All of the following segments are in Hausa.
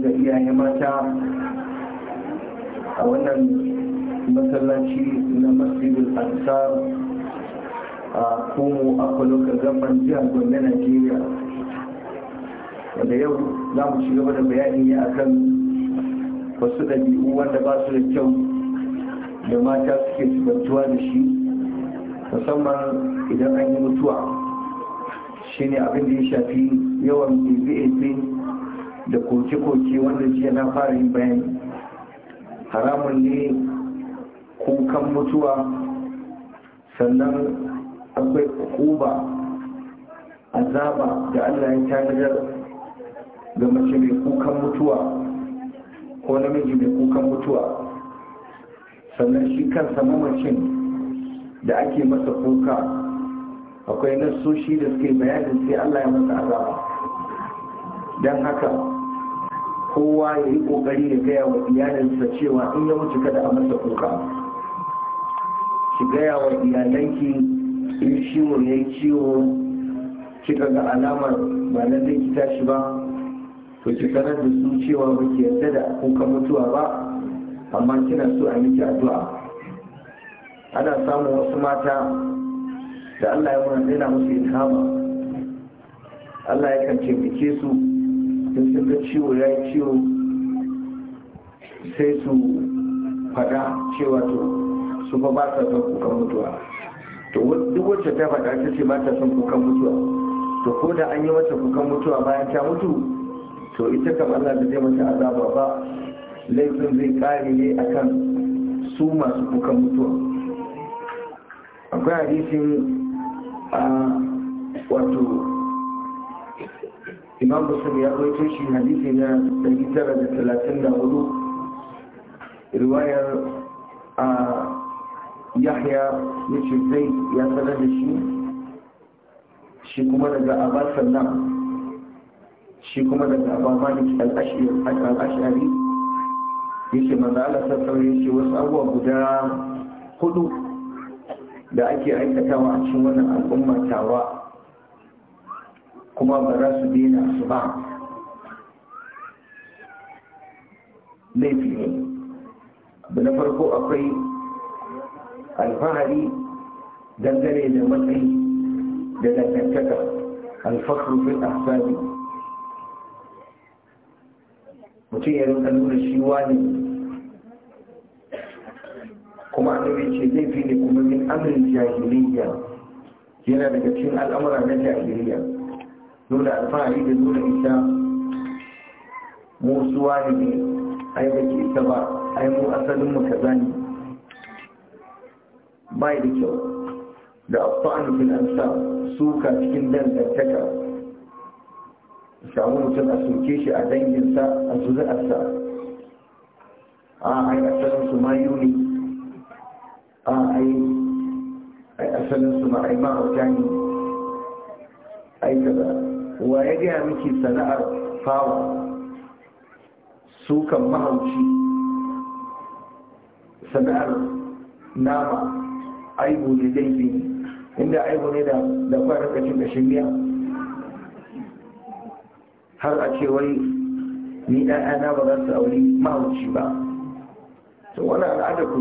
ga iyayen mata a wannan masallaci na masjidul ansar a kuma akwaloka gaban jihar gwamna nigeria wanda yau za mu ci gaba da bayani ne akan wasu ɗabi'u wanda ba su da kyau da mata suke sibantuwa da shi musamman idan an yi mutuwa shine abin da ya shafi yawan bbap da koke-koke wanda jiya na fara yin bayani haramun ne kukan mutuwa sannan akwai kuba azaba da allah ya tanadar ga mace mai kukan mutuwa ko namiji mai kukan mutuwa sannan shi kansa mamacin da ake masa kuka akwai nasoshi da suke bayanin sai allah ya masa azaba don haka kowa ya yi kokari ya gaya wa iyalinsa cewa in ya wuce kada a masa kuka ki gaya wa iyalanki in ciwo ya ciwo kika ga alamar ba na zai ki tashi ba to ki sanar da su cewa ba ki yarda da kuka mutuwa ba amma kina so a miki addu'a ana samun wasu mata da Allah ya muna musu ilhama Allah ya kan taimake su da sun ciwo ya yi ciwo sai su fada cewa to su ba ba sa son kukan mutuwa to duk wacce ta fada ta ce ba ta son kukan mutuwa to ko da an yi mata kukan mutuwa bayan ta mutu to ita kam Allah da zai mata azaba ba laifin zai kare ne akan su masu kukan mutuwa akwai hadisin a ah, wato imam busur ya rawaito shi hadisi na 934 riwayar a yahya ya ce zai ya sanar da shi shi kuma daga abba sallam shi kuma daga abba malik al'ashari ya ce manzo Allah sassauye ya ce wasu abubuwa guda hudu da ake aikatawa a cikin wannan al'umma tawa kuma ba za su dina su ba laifi ne abu na farko akwai alfahari dangane da matsayi da dangantaka alfahari fil asali mutum ya rinka nuna shi wani kuma an yi ce zai fi ne kuma min amurin jahiliya yana daga cikin al'amura na jahiliya nuna alfahari da nuna isa musuwa suwa ne yi da ke isa ba ai mu asalin mu kaza ne yi da kyau da afa'an bin amsa suka cikin dangantaka samu mutum a soke shi a danginsa a zuri'arsa a ai asalin su ma yi a ai asalin su ma ma'aimar ne ai kaza wa ya gaya miki sana'ar fawa sukan mahauci sana'ar nama aibu da daidai inda aibu ne da fara rikacin da shirya har a ce wai ni ɗan'ana ba za su auri mahauci ba to wani al'adar ku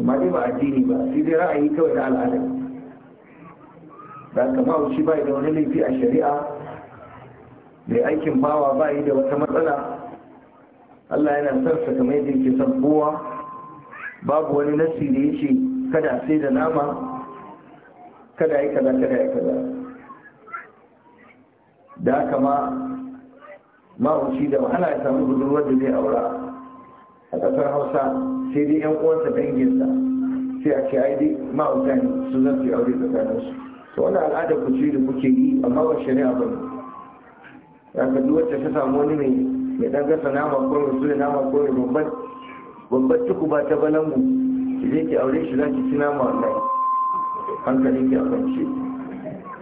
amma ne ba addini ba sai dai ra'ayi kawai na al'adar da haka shi bai da wani laifi a shari'a mai aikin bawa bai da wata matsala allah yana son sa kamar yadda yake san kowa babu wani nasi da yake kada sai da nama kada yi kaza kada yi kaza da haka ma mahaushi da wahala ya samu budurwar da zai aura a ƙasar hausa sai dai 'yan uwansa danginsa sai a ce ai dai ma'auta ne su zan su aure tsakaninsu to wani al'ada ku ce da kuke yi amma ba shari'a ba ya ka duk wacce ta samu wani mai ya dan gasa nama ko mai sule nama ko mai babban babban tuku ba ta mu ki je ki aure shi za ki ci nama wallahi hankalin ki a kwance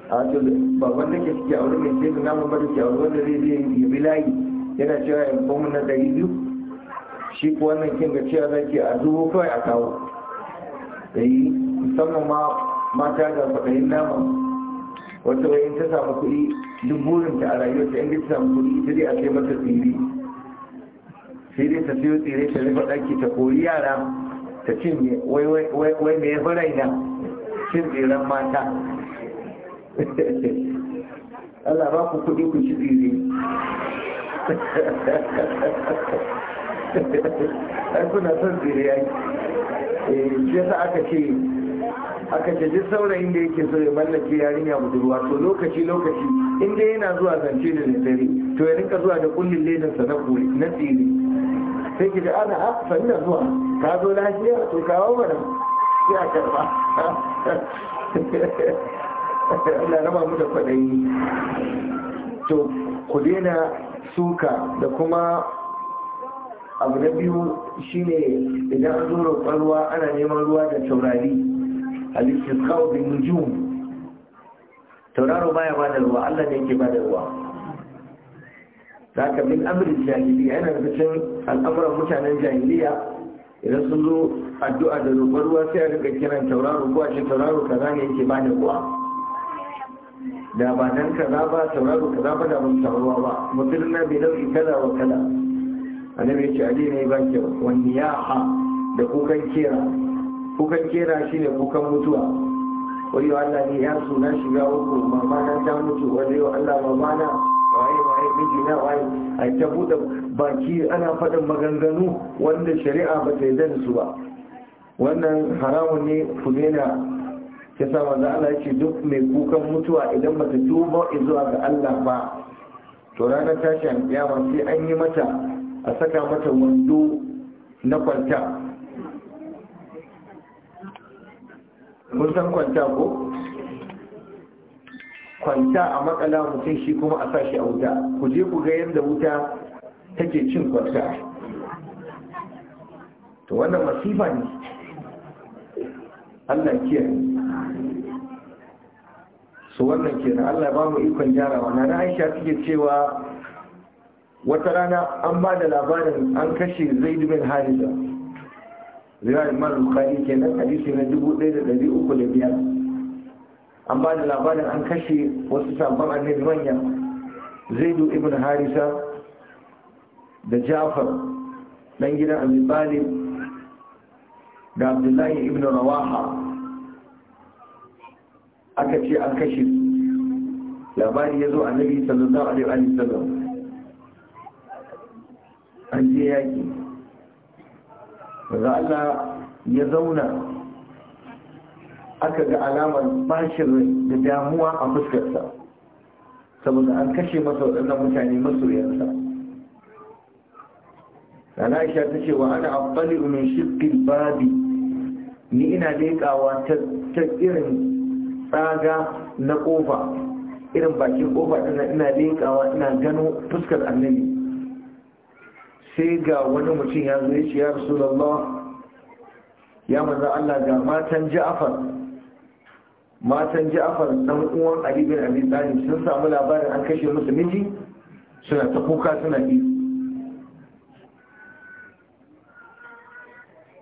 a to ba wanda ke ki aure mai sai nama ba ki aure wanda zai zai yi bilayi yana cewa ya komu na ɗari biyu shi ko wannan kin ga cewa zaki a dubu kawai a kawo da eh, yi musamman ma mata ga kwaɗayin nama, wata wayan ta samu kuɗi duk burinta a rayuwarta in ta samu kuɗi ita dai a sai mata tsiri sai dai ta siyo tsire ta rufe ɗaki ta kori yara ta cin wai me ya raina cin tseren mata Allah ba ku kuɗi ku ci tsire ai kuna son tsire eh, ya yi shi yasa aka ce aka ce duk saurayin da yake so ya mallake yarinya budurwa to lokaci lokaci inda yana zuwa zance da daddare to ya rinka zuwa da kullin sa na kuri na tsiri sai ki ji ana a ah, sanna zuwa ka zo lafiya to kawo mana sai a karba Allah raba mu da kwaɗayi to ku daina suka da kuma abu na biyu shine idan an zo roƙon ruwa ana neman ruwa da taurari al-istisqa bin nujum tauraro baya ba da ruwa Allah ne yake ba da ruwa zaka min amrin jahiliya yana da cikin al'amuran mutanen jahiliya idan sun zo addu'a da roƙon ruwa sai a rika kiran tauraro ko a ce tauraro kaza ne yake ba da ruwa da ba nan kaza ba tauraro kaza ba da ban ruwa ba mutum na bi nau'i kala wa kala. annabi ya ce ali ne ba ki wanniyaha da kukan kera? kukan kera shi ne kukan mutuwa wani Allah ne ya suna shiga uku na ta mutu wani Allah mamana waye waye miji na waye a ta buɗe baki ana faɗin maganganu wanda shari'a ba ta yi zan su ba wannan haramun ne ku daina ta sa manzo Allah ce duk mai kukan mutuwa idan ba bata tuba zuwa ga Allah ba to ranar tashin kiyama sai an yi mata a saka mata wando na kwanta mun san kwanta ko kwanta a matsala mutum shi kuma a sashi a wuta ku je ku ga yadda wuta take cin kwanta to wannan masifa ne Allah kiyaye su wannan kenan Allah ba mu ikon wa na Aisha suke cewa wata rana an ba da labarin an kashe zaidubin bin Harisa riwayar imam ke kenan hadisi na dubu ɗaya da ɗari uku da biyar an ba da labarin an kashe wasu sabon annabi manya zaidu ibn harisa da jafar ɗan gidan abu talib da abdullahi ibn rawaha aka ce an kashe labari ya zo annabi sallallahu alaihi wasallam an je yaki daga Allah ya zauna aka ga alamar bashin da damuwa a fuskarsa saboda an kashe masa waɗannan mutane masoyansa rana aisha ta ce wa ana amfani umin shirkin babi ni ina leƙawa ta irin tsaga na ƙofa irin bakin ƙofa ina leƙawa ina gano fuskar annabi sai ga wani mutum ya zo ya ce ya rasulullah ya maza Allah ga matan Ja'far matan ja'afar dan uwan ali bin sun samu labarin an kashe musu miji suna ta kuka suna bi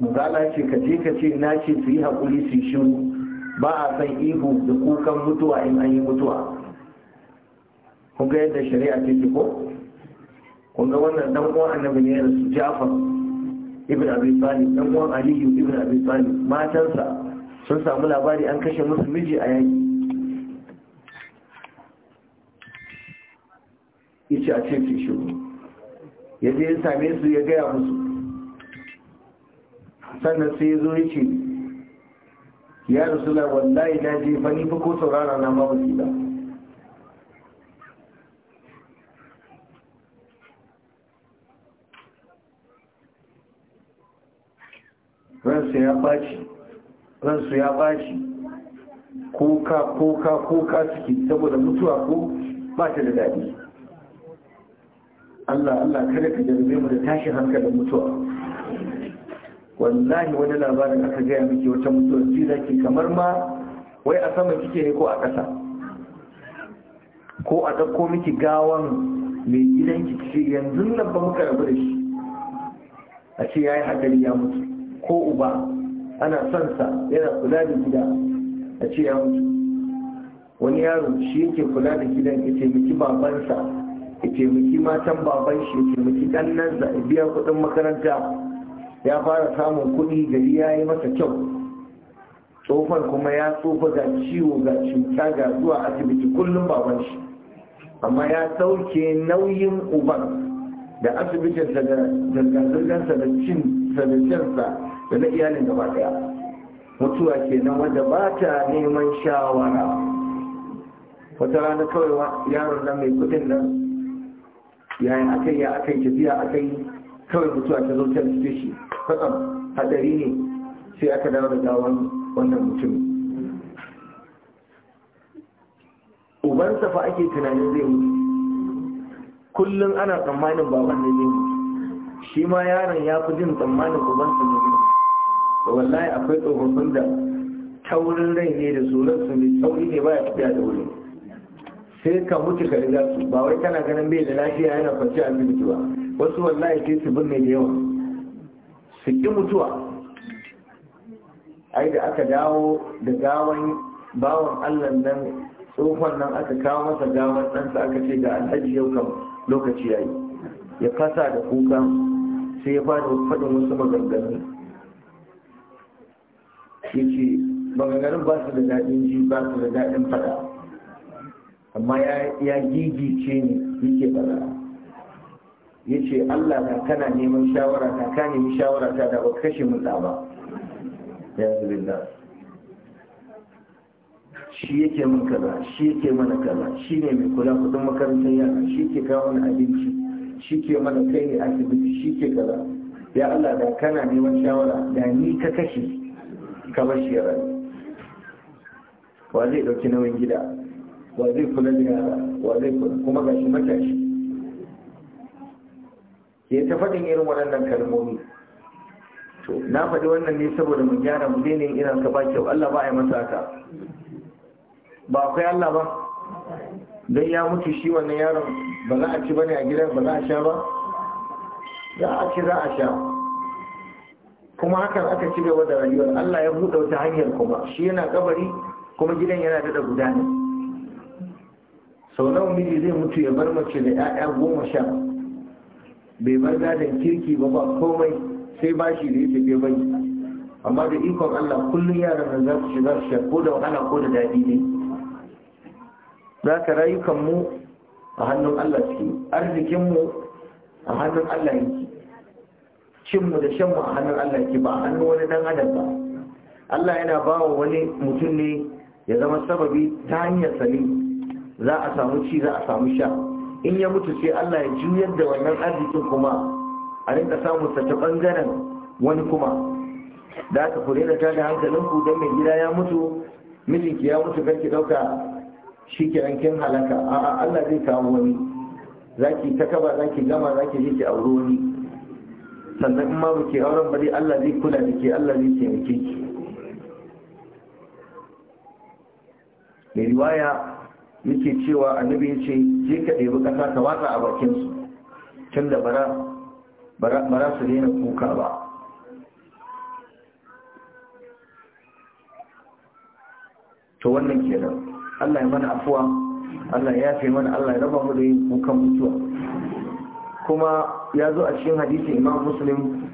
muzala ce ka je ka ce na ce su yi haƙuri su shiru ba a san ihu da kukan mutuwa in an yi mutuwa Kuka yadda shari'a ce ko kun wannan dan uwan annabi ne su Ja'far ibn Abi Talib dan uwan Ali ibn Abi Talib matansa sun samu labari an kashe musu miji a yaki yace a ce shi ya je ya same su ya gaya musu sannan sai ya zo ya ce ya rasu wallahi na je fani fi ko saurara na ma ba ransu ya ɓaci ransu ya ɓaci kuka kuka kuka suke saboda mutuwa ko ba ta da daɗi Allah Allah kada ka jarme mu da tashin hankalin mutuwa wallahi wani labarin aka gaya miki wata mutuwa ji zaki kamar ma wai a sama kike ne ko a ƙasa ko a ɗauko miki gawan mai gidanki ce yanzu nan ba muka rabu da shi a ce ya yi hadari ya mutu ko uba ana son sa yana kula da gida a ce ya mutu wani yaro shi yake kula da gidan ya taimaki babansa ya taimaki matan baban shi ya taimaki ɗannansa ya biya kuɗin makaranta ya fara samun kuɗi gari ya yi masa kyau tsofan kuma ya tsofa ga ciwo ga cuta ga zuwa asibiti kullum baban shi amma ya sauke nauyin uban da asibitinsa da zirga zirgansa da cin sa. da na iyalin gaba daya mutuwa ke nan wanda ba ta neman shawara wata rana kawai yaron nan mai kudin nan yayin yi aka yi tafiya yi, kawai mutuwa ta zo da suke shi kwatsam hadari ne sai aka dawo da gawan wannan mutum uban fa ake tunanin zai mutu kullum ana tsammanin baban ne zai mutu shi ma yaron ya fi jin tsammanin ubansa ne wallahi akwai tsofaffin da taurin rai ne da tsoron su mai tsauri ne baya tafiya da wuri sai ka mutu ka riga su ba wai kana ganin bai da lafiya yana kwanci a asibiti ba wasu wallahi sai su binne da yawa su ƙi mutuwa ai da aka dawo da gawan bawan allah nan tsohon nan aka kawo masa gawan ɗansa aka ce ga alhaji yau kan lokaci ya yi. ya kasa da kuka sai ya fada faɗin wasu maganganu ce, maganganun ba su da daɗin ji ba su da daɗin faɗa amma ya gigice ni yake faɗa ya ce allah na kana neman shawara ta, ka nemi shawara ta da ba kashe mu ba ya da shi yake min kaza shi yake mana kaza shi ne mai kula kudin makarantar yara shi ke kawo mana abinci shi ke mana kai ne asibiti shi ke kaza ya allah da kana neman shawara da ni ka kashe kamar shi rayu wa zai ɗauki nauyin gida wa zai kula da yara wa zai kula kuma ga shi matashi ya ta faɗin irin waɗannan kalmomi to na faɗi wannan ne saboda mu gyara mu daina ina ka ba kyau Allah ba ya masa haka ba akwai Allah ba don ya mutu shi wannan yaron ba za a ci bane a gidan ba za a sha ba za a ci za a sha kuma hakan aka ci gaba da rayuwar Allah ya buɗe wata hanyar kuma shi yana kabari kuma gidan yana da ne. sau nawa miji zai mutu ya bar mace da 'ya'ya goma sha bai bar gadon kirki ba ba komai sai bashi da ya tafi bai amma da ikon Allah kullum yaran nan za su shiga su sha ko da wahala ko da daɗi ne za ka rayukan mu a hannun Allah suke arzikin mu a hannun Allah yake cinmu da shanmu a hannun Allah ke ba a hannun wani dan adam ba Allah yana ba wa wani mutum ne ya zama sababi ta hanyar sani za a samu ci za a samu sha in ya mutu sai Allah ya juyar da wannan arzikin kuma a rinka samun sa ta bangaren wani kuma da aka kure da ta da hankalinku don mai gida ya mutu mijinki ya mutu kan ki dauka shi kiran kin halaka a'a Allah zai kawo wani zaki ta kaba zaki gama zaki je ki auro wani sannan in ma ba ke auren ba Allah zai kula da ke Allah zai taimake ki mai riwaya yake cewa annabi ya ce je ka ɗebi ƙasa ka watsa a bakinsu tun da bara su daina kuka ba to wannan kenan Allah ya mana afuwa Allah ya fi mana Allah ya raba mu da yin kukan mutuwa kuma ya zo a cikin hadisi imam muslim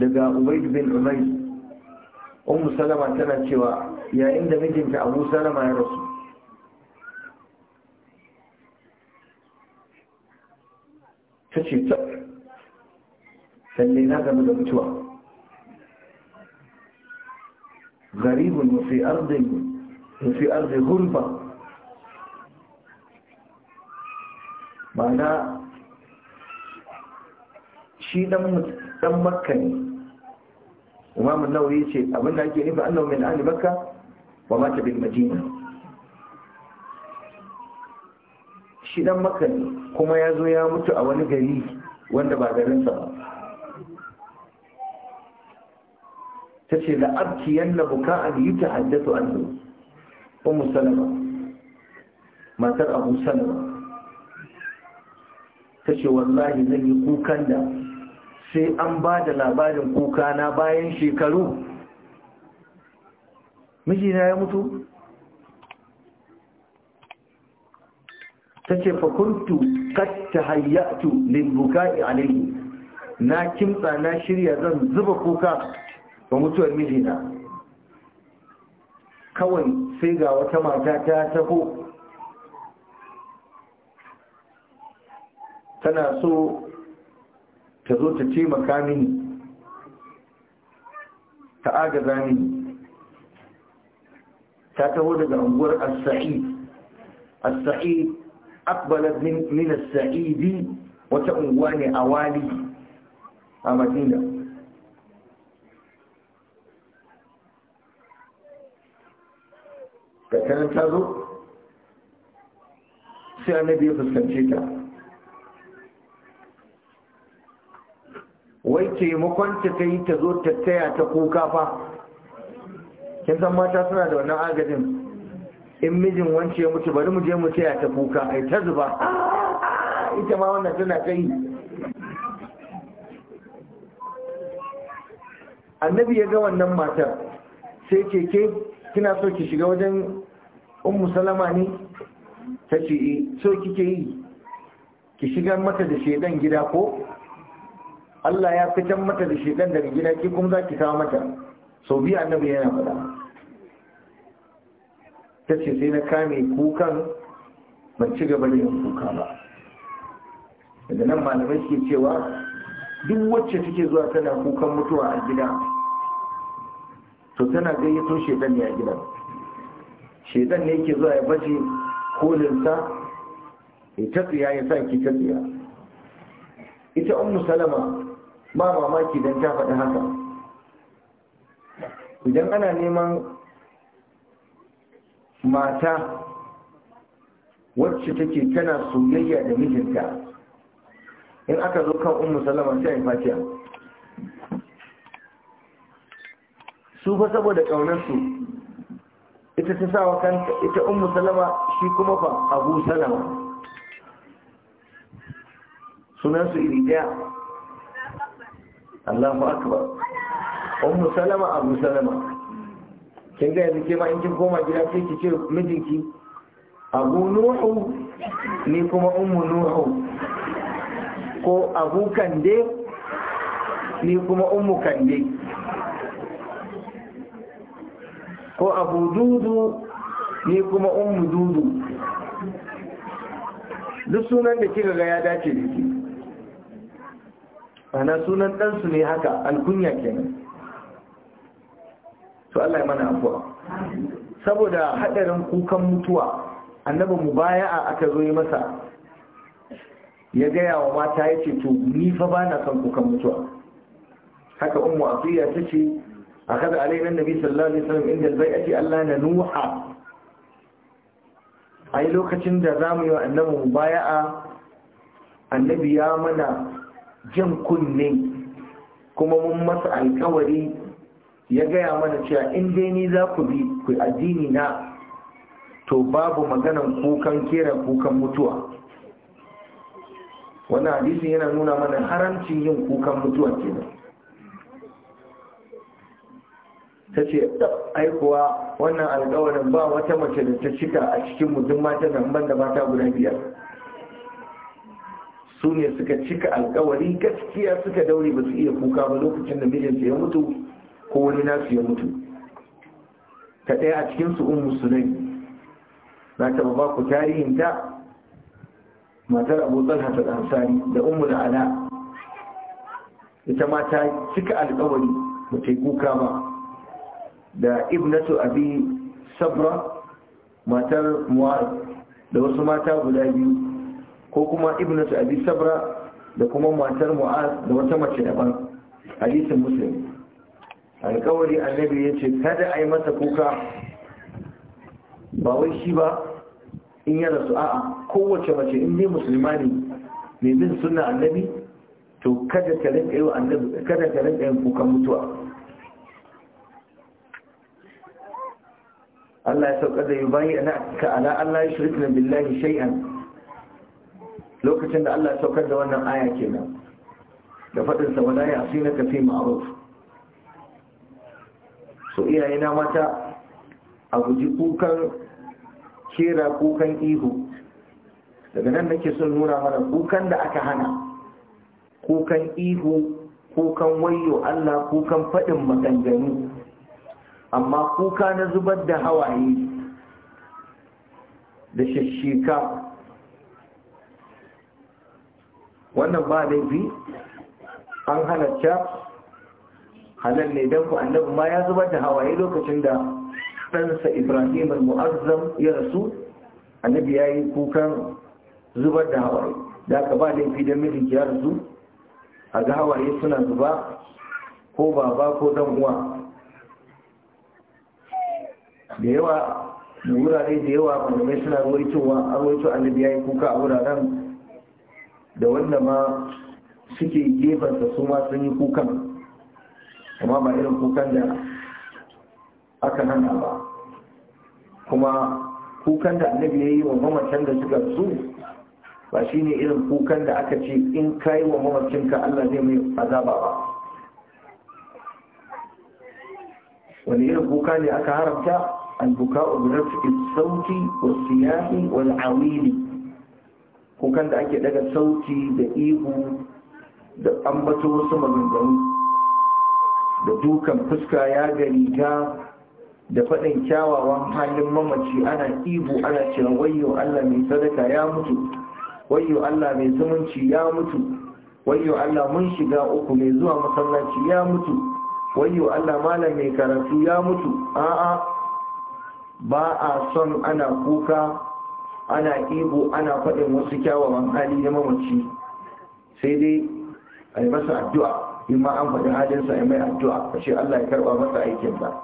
daga ubaid bin umayr ummu salama tana cewa yayin da mijinta abu salama ya rasu ta ce ta sannan na game da mutuwa garibin mafi arzin mafi arzin Ba ma'ana shi dan makka ne imamu nawawi ce da ake nufi annahu min ahli makka wa ta bil madina shi dan makka ne kuma ya zo ya mutu a wani gari wanda ba garinsa ba ta ce da abki yalla buka'an yi ta haddatu annu ummu salama matar abu salama ta ce wallahi zan yi kukan da sai an ba da labarin kuka na bayan shekaru mijina ya mutu ta ce fakuntu katta hayyatu limbuka'i alayhi na kimtsa na shirya zan zuba kuka ga mutuwar mijina kawai sai ga wata mata ta taho tana so ta zo ta taimaka mini ta agaza mini ta taho daga unguwar as-sa'id as-sa'id min as-sa'idi wata unguwa ne a wali a madina da ta zo sai annabi ya fuskance ta taimakon ta kai ta zo ta taya ta kuka fa kin san mata suna da wannan agajin in mijin wance ya mutu bari mu je mu taya ta kuka ai ta zuba ita ma wannan tana ta annabi ya ga wannan matar sai keke, kina so ki shiga wajen ummu salama ne ta ce eh, so kike yi ki shiga mata da shedan gida ko Allah ya fitan mata da shedan daga gida ki kuma za ki kawo mata sau biyu annabi yana faɗa ta ce sai na kame kukan ban ci gaba da yin kuka ba daga nan malamai ke cewa duk wacce take zuwa tana kukan mutuwa a gida to tana gayyato shedan ne a gidan shedan ne yake zuwa ya baje kolinsa ya tafiya ya sa ki tafiya ita ummu salama ba mamaki don ta faɗi haka idan ana neman mata wacce take tana soyayya da mijinta in aka zo kan umu salama sai ai fatiha su fa saboda ƙaunarsu ita ta sa wa kanta ita umu salama shi kuma fa abu salama sunansu iri daya Allahu akbar ummu salama abu salama kin ga yanzu ke ma in kin koma gida sai ki ce mijinki abu nuhu ni kuma ummu nuhu ko abu kande ni kuma ummu kande ko abu dudu ni kuma ummu dudu duk sunan da kika ga ya dace da ki ana sunan ɗansu ne haka alkunya kenan to Allah ya mana abuwa saboda haɗarin kukan mutuwa annaba mu baya a aka zo yi masa ya gaya wa mata ya ce to ni fa ba na son kukan mutuwa haka ummu afiya ta ce a kada alainan nabi sallallahu alaihi wasallam inda albai'ati Allah na nuha ai lokacin da zamu yi wa annabi mu baya a annabi ya mana jan kunne kuma mun masa alkawari ya gaya mana cewa in dai ni za ku bi ku addini na to babu maganan kukan kera kukan mutuwa wannan hadisi yana nuna mana haramcin yin kukan mutuwa nan. ta ce aikuwa wannan alkawarin ba wata mace da ta cika a cikin mutum mata nan ban da mata guda biyar su ne suka cika alkawari gaskiya suka daure ba su iya kuka ba lokacin da mijinsu ya mutu ko wani nasu ya mutu ta ɗaya a cikinsu un musulun na taɓa ba ku ta matar abu talha ansari da ummu da ala ita ma ta cika alkawari ba ta yi kuka ba da ibnatu abi sabra matar mu'ar da wasu mata guda biyu ko kuma ibnatu abi sabra da kuma matar mu'az da wata mace daban hadisin muslim alkawari annabi ya ce kada a yi masa kuka ba wai shi ba in ya rasu a'a kowace mace in ne musulma ne mai bin suna annabi to kada ka rinka yi annabi kada ta rinka yin kukan mutuwa Allah ya sauka da bayi ana ka ala Allah ya shirka billahi shay'an lokacin da Allah saukar da wannan aya nan, da faɗinsa sa wala na na kafi ma'ruf so iyaye na mata a guji kukan kera kukan ihu daga nan nake son nuna mana kukan da aka hana kukan ihu kukan wayo Allah kukan faɗin maganganu amma kuka na zubar da hawaye da shashika wannan ba laifi an halarta halal ne don ku annabi ma ya zubar da hawaye lokacin da ɗansa ibrahim al-mu'azzam ya rasu annabi ya yi kukan zubar da hawaye da aka ba laifi don mijinki ya rasu a ga hawaye suna zuba ko baba ko dan uwa da yawa da wurare da yawa malamai suna ruwaitowa an ruwaito annabi ya yi kuka a wuraren da wanda ma suke gefensa su ma sun yi kukan kuma ba irin kukan da aka hana ba kuma kukan da annabi ya yi wa mamacin da suka su ba shi ne irin kukan da aka ce in ka yi wa mamacinka allah zai mai azaba ba wani irin kuka ne aka haramta albuka bukau bi nafsi sauti wasu siyahi wani awili kukan da ake daga sauti da ihu da ambato wasu maganganu da dukan fuska ya gari ta da faɗin kyawawan halin mamaci ana ihu ana cewa wayo allah mai sadaka ya mutu wayo allah mai zumunci ya mutu wayo allah mun shiga uku mai zuwa masallaci ya mutu wayo allah malam mai karatu ya mutu a'a ba a son ana kuka ana ibo ana faɗin wasu kyawawan hali na mamaci sai dai a yi masa addu'a in ma an faɗi halinsa ya mai addu'a a ce Allah ya karɓa masa aikin ba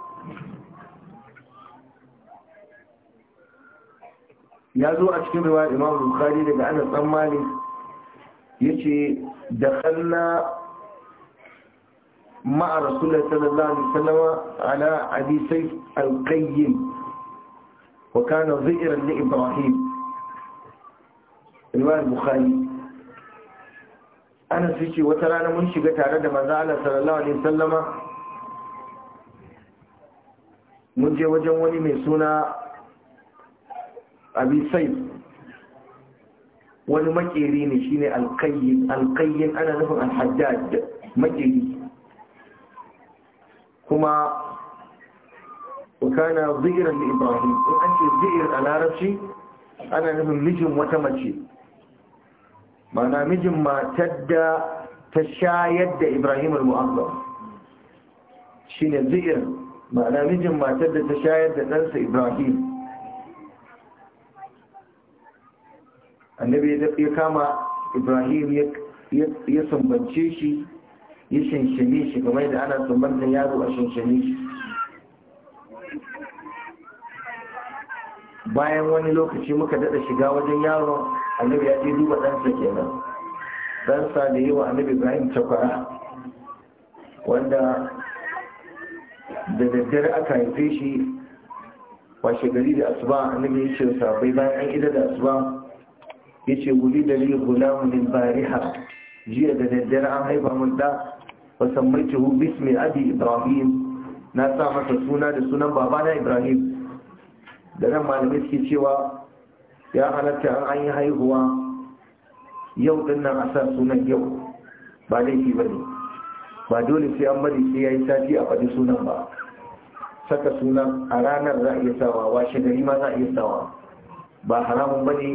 ya zo a cikin ruwa imam bukari daga ana tsammani ya ce da kalla ma'a rasulun sallallahu alaihi sallama ala abisai alƙayyin wa kana zai'irar ibrahim imam bukhari ana suke wata rana mun shiga tare da manzo Allah sallallahu alaihi sallama? mun je wajen wani mai suna abi saif wani makeri ne shine alqayyin alqayyin ana nufin alhajjaj makeri kuma wakana zikiran da ibrahim in an ce zikir a larabci ana nufin mijin wata mace mana mijin matar da ta shayar da ibrahim al-mu'azzam shine zikir mana mijin matar da ta shayar da ɗansa ibrahim annabi ya kama ibrahim ya sumbance shi ya shinshine shi kuma da ana sumbantar yaro a shinshine shi bayan wani lokaci muka daɗa shiga wajen yaro annabi ya je duba ɗansa kenan sa da yi wa annabi ibrahim cakwara wanda da daddare aka haife shi washe gari da asuba annabi ya ce bai bayan an ida da asuba ya ce guri da liya gulamu min bariha jiya da daddare an haifa mun da wasan mai tuhu bismi abi ibrahim na sa masa suna da sunan babana ibrahim da nan malamai suke cewa ya halatta an yi haihuwa yau din nan a sa sunan yau ba laifi ba ne ba dole sai an bari sai ya yi sati a faɗi sunan ba saka sunan a ranar za a iya sawa washe gari ma za a iya sawa ba haramun ba ne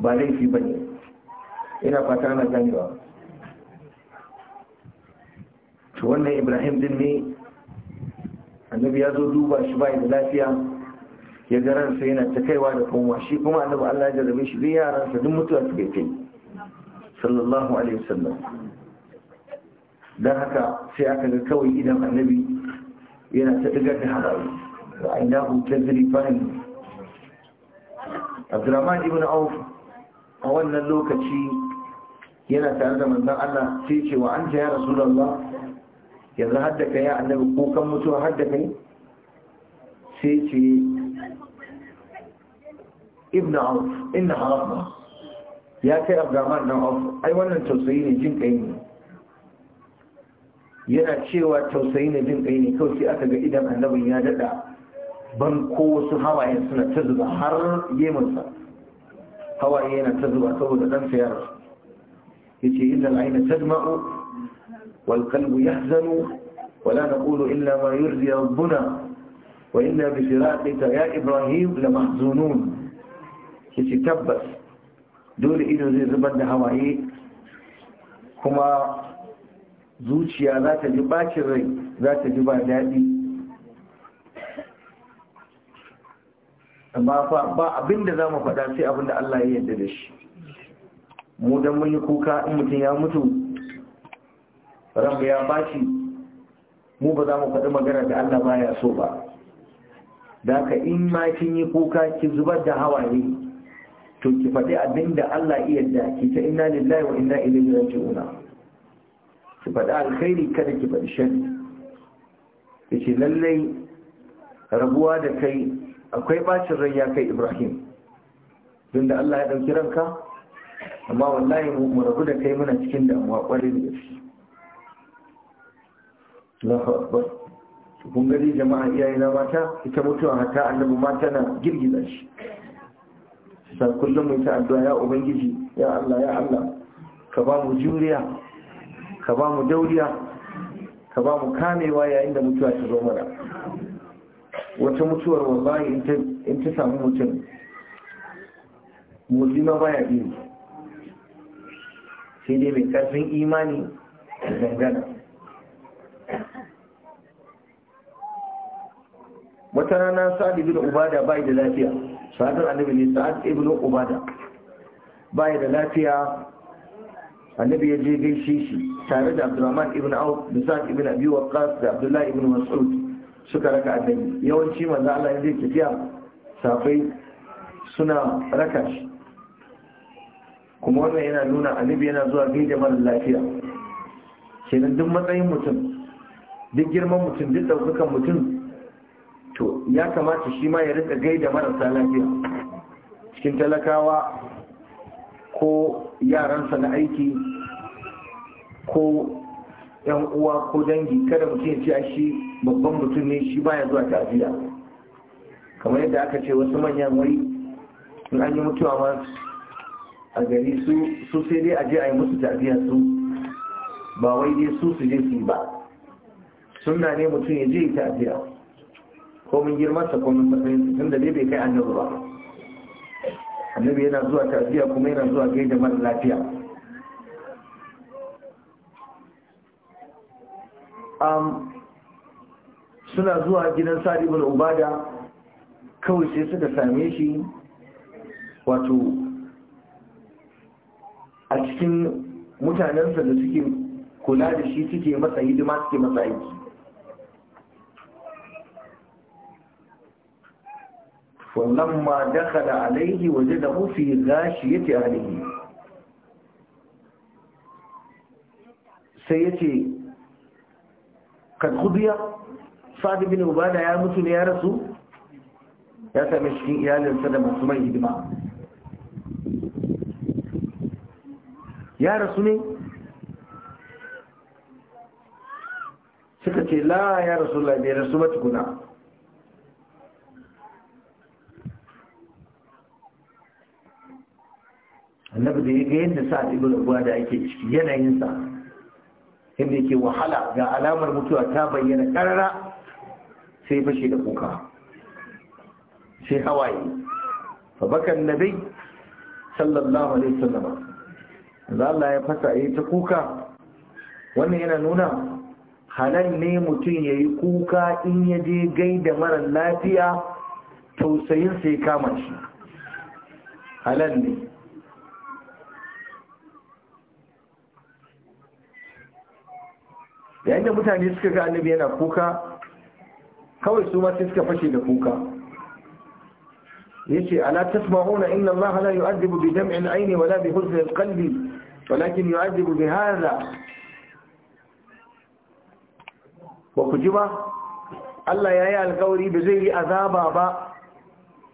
ba laifi ba ne ina fata ana ganewa to wannan ibrahim din ne annabi ya zo duba shi bai da lafiya ya ga ransa yana ta kaiwa da kuma shi kuma annabi Allah ya jarrabe shi duk yaransa duk mutuwa suka kai sallallahu alaihi wasallam dan haka sai aka ga kawai idan annabi yana ta diga da hawaye wa ainahu tazrifan Abdurrahman ibn Auf a wannan lokaci yana tare da manzon Allah sai ce wa anta ya rasulullah yanzu haddaka ya annabi ko kan mutuwa haddaka ne sai ce ibn auf inna harafna ya kai abdurrahman dan auf ai wannan tausayi ne jin kai ne yana cewa tausayi ne jin kai ne kawai sai aka ga idan annabin ya dada ban ko wasu hawayen suna ta zuba har yemansa hawaye yana ta zuba saboda dan sayar yace innal ayna tadma'u wal qalbu yahzanu ولا نقول إلا ما يرضي ربنا وإنا بفراقك يا إبراهيم لمحزونون ce tabbas dole ido zai zubar da hawaye kuma zuciya za ta ji bacin rai za ta ji ba daɗi amma ba abinda za mu faɗa sai abinda Allah ya yadda da shi mu don mun yi kuka in mutum ya mutu ramu ya bashi. mu ba za mu faɗi magana da Allah ba ya so ba da ka in ma kin yi kuka ki zubar da hawaye to ki faɗi abinda Allah iya da ke ta inna lillahi wa inna ilaihi raji'una ki faɗi alkhairi kada ki faɗi sharri yace lallai rabuwa da kai akwai bacin rai ya kai Ibrahim don da Allah ya ɗauki ranka amma wallahi mu rabu da kai muna cikin damuwa kwarai da gaske kun gari jama'a iyaye na mata ita mutuwa hata annabi mata na girgiza shi sai kullum mu ta addu'a ya ubangiji ya Allah ya Allah ka ba mu juriya ka ba mu dauriya ka ba mu kamewa yayin da mutuwa ta zo mana wata mutuwar wallahi in ta samu mutum ba baya iya sai dai mai karfin imani da dangana wata rana sa'adu bin ubada bai da lafiya sadar annabi ne sa'ad ibn ubada baya da lafiya annabi ya je gaishe shi tare da abdurrahman ibn au da sa'ad ibn abi waqqas da abdullahi ibn mas'ud suka raka annabi yawanci manzo Allah ya tafiya safai suna raka shi kuma wannan yana nuna annabi yana zuwa gaida mara lafiya kenan duk matsayin mutum duk girman mutum duk daukakan mutum to ya kamata shi ma ya rika gaida marasa lafiya cikin talakawa ko yaransa na aiki ko yan uwa ko dangi kada mutum ya ce shi babban mutum ne shi baya zuwa ta'aziya. kamar yadda aka ce wasu manyan wai in an yi mutuwa ma a gari su sai dai aje a yi musu ta'aziyya su ba wai dai su su je su yi ba sunna ne mutum ya je ta'aziyya Komin mun girman sa ko mun matsayin da bai kai annabi ba annabi yana zuwa ta'ziya kuma yana zuwa gaida mara lafiya um, suna zuwa gidan sa'ad ibn ubada kawai sai suka same shi wato a cikin mutanensa da suke kula da shi suke masa hidima suke masa aiki Waɗannan madaƙa da alaihi waje da mu fi gashi ya ce a sai ya ce kan ku biya? Obada ya mutu ne ya rasu? Ya sami cikin iyalinsa da masu man hidima. Ya rasu ne? Suka ce la ya rasu laifin harsuma ta kunna. annabi da ya ga yadda sa ibn abuwa da ake ciki yanayin sa inda yake wahala ga alamar mutuwa ta bayyana karara sai fashe da kuka sai hawaye babakan nabi sallallahu alaihi wasallam Allah ya fasa yi ta kuka wannan yana nuna halal ne mutum ya yi kuka in ya je gaida mara lafiya tausayin sai kama shi halal ne yayin da mutane suka ga annabi yana kuka kawai su ma suka fashe da kuka yace ala tasma'una inna Allah la yu'adhibu bi jam'in ayni wala bi huzn qalbi walakin yu'adhibu bi hadha wa kujiba Allah yayi alƙawari da zai yi azaba ba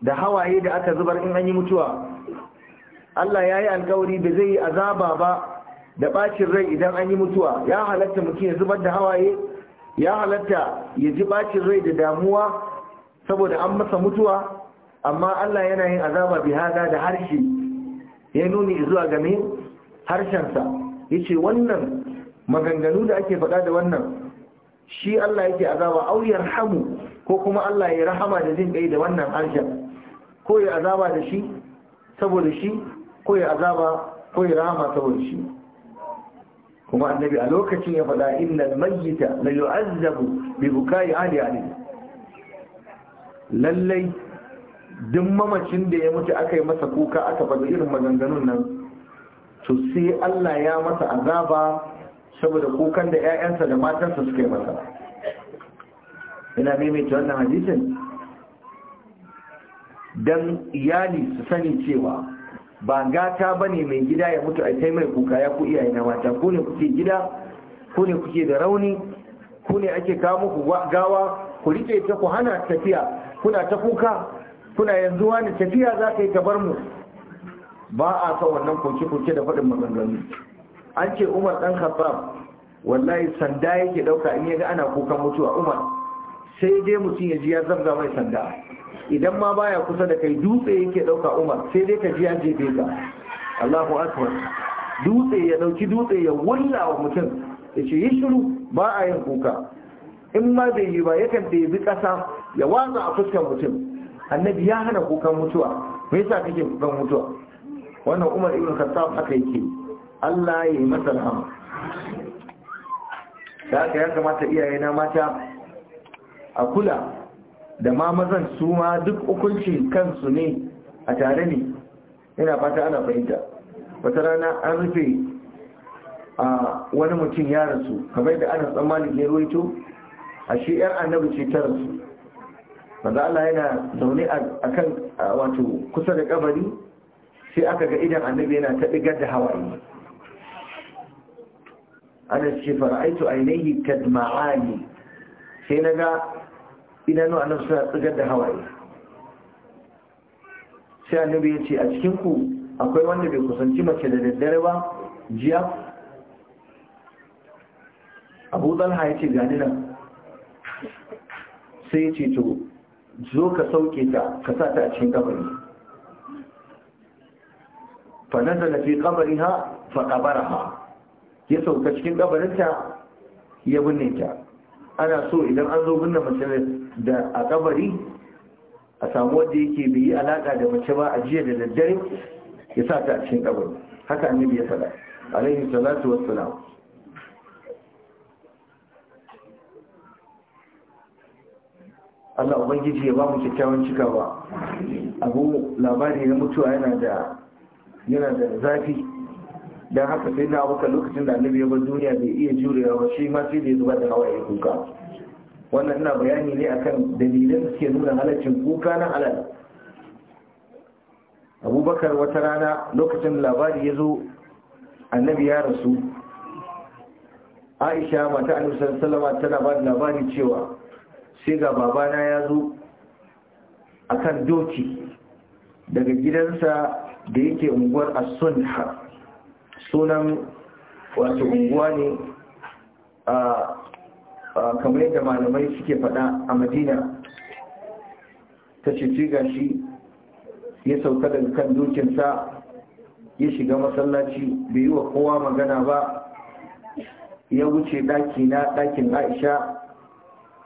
da hawaye da aka zubar in an yi mutuwa Allah yayi alƙawari da zai yi azaba ba da bacin rai idan an yi mutuwa ya halatta mutum ya zubar da hawaye ya halatta ya ji bacin rai da damuwa saboda an masa mutuwa amma Allah yana yin azaba bi hada da harshe ya nuni zuwa game harshensa yace wannan maganganu da ake faɗa da wannan shi Allah yake azaba au yarhamu ko kuma Allah ya rahama da jin kai da wannan harshen ko ya azaba da shi saboda shi ko ya azaba ko ya rahama saboda shi kuma annabi a lokacin ya faɗa innal mayyita la yu'azzabu bi bukai ahli alayhi lallai duk mamacin da ya mutu aka yi masa kuka aka faɗa irin maganganun nan to sai Allah ya masa azaba saboda kukan da ƴaƴansa da matansa suka yi masa ina maimaita wannan hadisin dan iyali su sani cewa ba gata ba ne mai gida ya mutu a ta mai kuka ya ku iyaye na mata ko ne kuke gida ko ne kuke da rauni ko ne ake kawo muku gawa ku rike ta ku hana tafiya kuna ta kuka kuna yanzu wani tafiya za ka yi ta bar mu ba a sa wannan koke-koke da faɗin maganganu an ce umar ɗan khattab wallahi sanda yake ɗauka in ya ga ana kukan mutuwa umar sai dai mutum ya ji ya mai sanda idan ma baya kusa da kai dutse yake dauka umar sai dai ka ji ya jefe ka Allahu akbar dutse ya dauki dutse ya wulla wa mutum ya ce yi shiru ba a yin kuka in ma bai yi ba yakan ɗebi kasa ya watsa a fuskar mutum annabi ya hana kukan mutuwa me yasa kake kukan mutuwa wannan umar ibn khattab aka yake Allah ya yi masa rahama ya kamata iyayena mata a kula da ma mazan su ma duk hukuncin kansu ne a tare ne yana fata ana fahimta wata rana an rufe a wani mutum ya rasu kamar da ana tsammanin ya ruwaito a shi yar annabi ce ta rasu maza Allah yana zaune a kan wato kusa da kabari sai aka ga idan annabi yana ta ɗigar da hawaye ana ce fara'aitu ainihi kadma'ani sai na ga idanu a nan suna tsigar da hawaye sai annabi ya ce a cikinku akwai wanda bai kusanci mace da daddare ba jiya abu talha ya ce gani nan sai ya ce to zo ka sauke ta ka sa ta a cikin kabari fa nazala fi ha fa ha. ya sauka cikin kabarinta ya binne ta ana so idan an zo binne mace da a kabari a samu wanda yake bai yi alaka da mace ba a jiya da daddare ya sa ta a cikin kabari haka annabi ya sala alaihi salatu salam Allah ubangiji ya ba mu kyakkyawan cikawa abu labari na mutuwa yana da yana da zafi dan haka sai na abokan lokacin da annabi ya bar duniya bai iya jurewa ba shi ma sai da ya zuba da hawaye kuka wannan ina bayani ne akan dalilan suke nuna halaccin kuka na halal abubakar wata rana lokacin labari ya zo annabi ya rasu aisha mata annabi sallama tana ba da labari cewa sai ga babana ya zo akan doki daga gidansa da yake unguwar asunha sunan wato unguwa ne a Ah, kamar yadda malamai suke faɗa a madina ta ce shi ya sauka daga kan dukinsa ya shiga masallaci bai yi wa kowa magana ba ya wuce daki na ɗakin aisha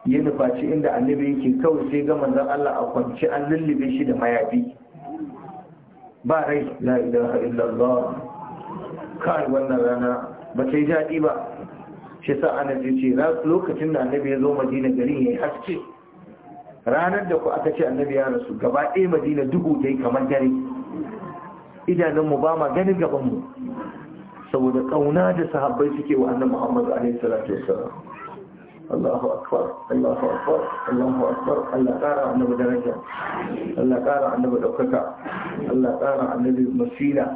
ya nufaci inda annabi yake kawai sai ga manzan Allah a kwanci an lullube shi da mayafi ba rai la'idar ilaha illallah kawai wannan rana ba ta yi daɗi ba shi sa ana ce lokacin da annabi ya zo madina gari ya yi haske ranar da ku aka ce annabi ya rasu gaba ɗaya madina duhu ta yi kamar dare idanunmu ba ma ganin gabanmu saboda ƙauna da sahabbai suke wa annabi muhammadu alaihi salatu wasallam الله أكبر الله أكبر الله أكبر الله تعالى عن نبي درجة الله تعالى عن نبي أكتا الله تعالى عن نبي مسيلة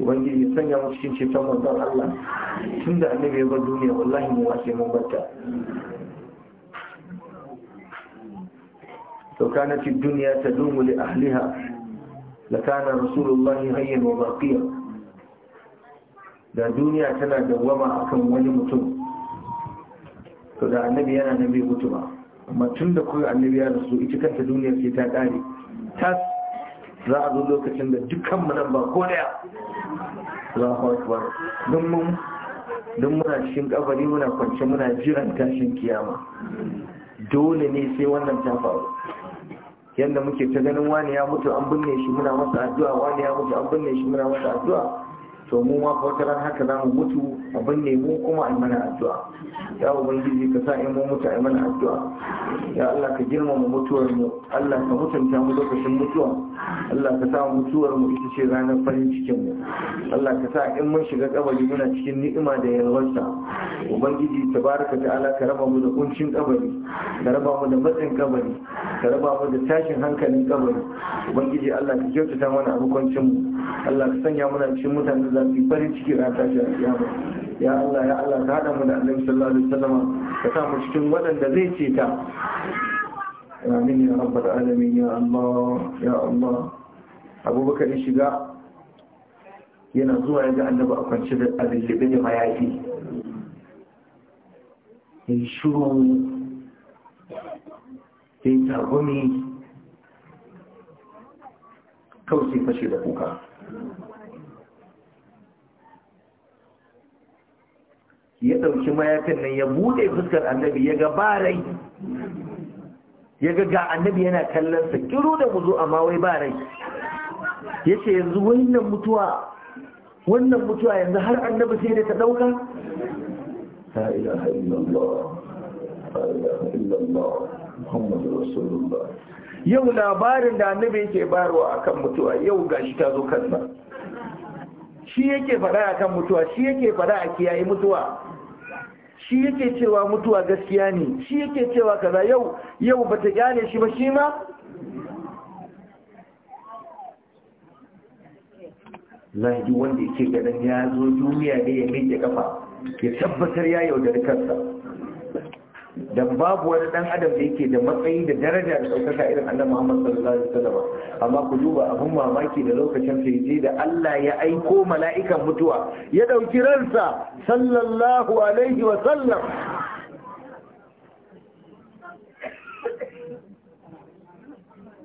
وانجي يسنى مسكين شتام الدار الله كم دع نبي يبدوني والله مواسي مبتا لو كانت الدنيا تدوم لأهلها لكان رسول الله هيا وباقيا لا دنيا تنا دوما أكم ولمتم to da annabi yana nan bai mutu ba amma tun da kuwa annabi ya rasu ita kanta duniyar sai ta kare tas za a zo lokacin da dukkan mu nan ba ko daya Allahu akbar dun mun dun muna cikin kabari muna kwance muna jiran tashin kiyama dole ne sai wannan ta faru yadda muke ta ganin wani ya mutu an binne shi muna masa addu'a wani ya mutu an binne shi muna masa addu'a to mu ma fa wata haka za mu mutu abin ne mu kuma a mana addu'a ya ubangiji ka sa in mu mutu a mana addu'a ya Allah ka girmama mutuwar mu Allah ka mutunta mu lokacin mutuwa Allah ka sa mutuwar mu ita ce ranar farin cikin mu Allah ka sa in mun shiga kabari muna cikin ni'ima da yalwarsa ubangiji tabaraka ta'ala ka raba mu da kuncin kabari ka raba mu da matsin kabari ka raba mu da tashin hankalin kabari ubangiji Allah ka kyautata mana abokancin mu Allah ka sanya muna cikin mutane da za su yi farin ciki ranar tashin kiyama ya Allah ya Allah ka hada mu da annabi sallallahu alaihi wasallam ka sa mu cikin wadanda zai ce ta amin ya rabbal alamin ya Allah ya Allah abubakar ya shiga yana zuwa ya ga annabi a kwance da alillabe da mayafi ya yi shuru ya yi tagumi kawai sai fashe da kuka ya ɗauki mayafin nan ya buɗe fuskar annabi ya ga barai ya ga ga annabi yana kallon sa kiro da zo amma wai barai ya ce yanzu wannan mutuwa wannan mutuwa yanzu har annabi sai da ta ɗauka muhammadu yau labarin da annabi yake barwa akan mutuwa yau gashi ta zo kansa shi yake fada akan mutuwa shi yake fada a kiyaye mutuwa shi yake cewa mutuwa gaskiya ne shi yake cewa kaza yau yau bata gane shi ba shi ma lahi wanda yake ganin ya zo duniya ne ya miƙe kafa ya tabbatar ya yaudar kansa dan babu wani dan adam da yake da matsayi da daraja da ɗaukaka irin annan Muhammad sallallahu alaihi wasallam amma ku duba abun mamaki da lokacin sai je da Allah ya aiko mala'ikan mutuwa ya dauki ransa sallallahu alaihi wasallam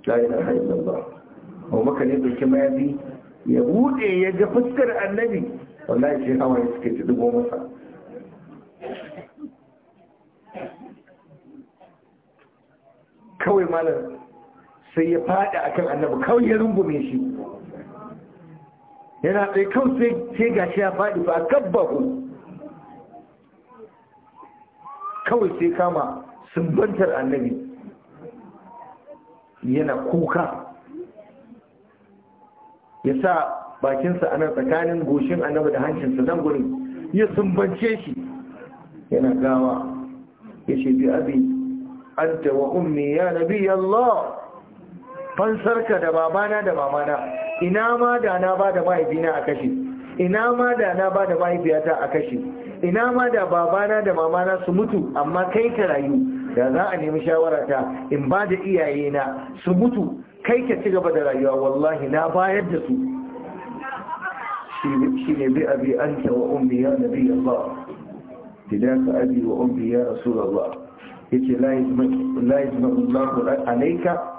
la ilaha ba, abubakar ya dauki mayafi ya bude ya ga fuskar annabi wallahi shi hawa ya suke ta dubo masa kawai malam sai ya fada kan annabi kawai ya rungume shi yana tsaye kawai sai gashi ya faɗi ba ku kawai sai kama sumbantar annabi yana kuka ya sa bakinsa a nan tsakanin goshin annabi da hancinsa don gurin ya sumbance shi yana gawa ya ce bi abin anta wa ummi ya nabi Allah fansarka da babana da mamana ina ma da na ba da mahaifina a kashi ina ma da na ba da mahaifiyata a kashe ina ma da babana da mamana su mutu amma kai ka rayu da za a nemi shawarata in ba da iyayena su mutu kai ka ci gaba da rayuwa wallahi na bayar da su shi ne bi abi anta wa ummi ya nabi Allah fidaka abi wa ummi ya rasulullah yace la yajma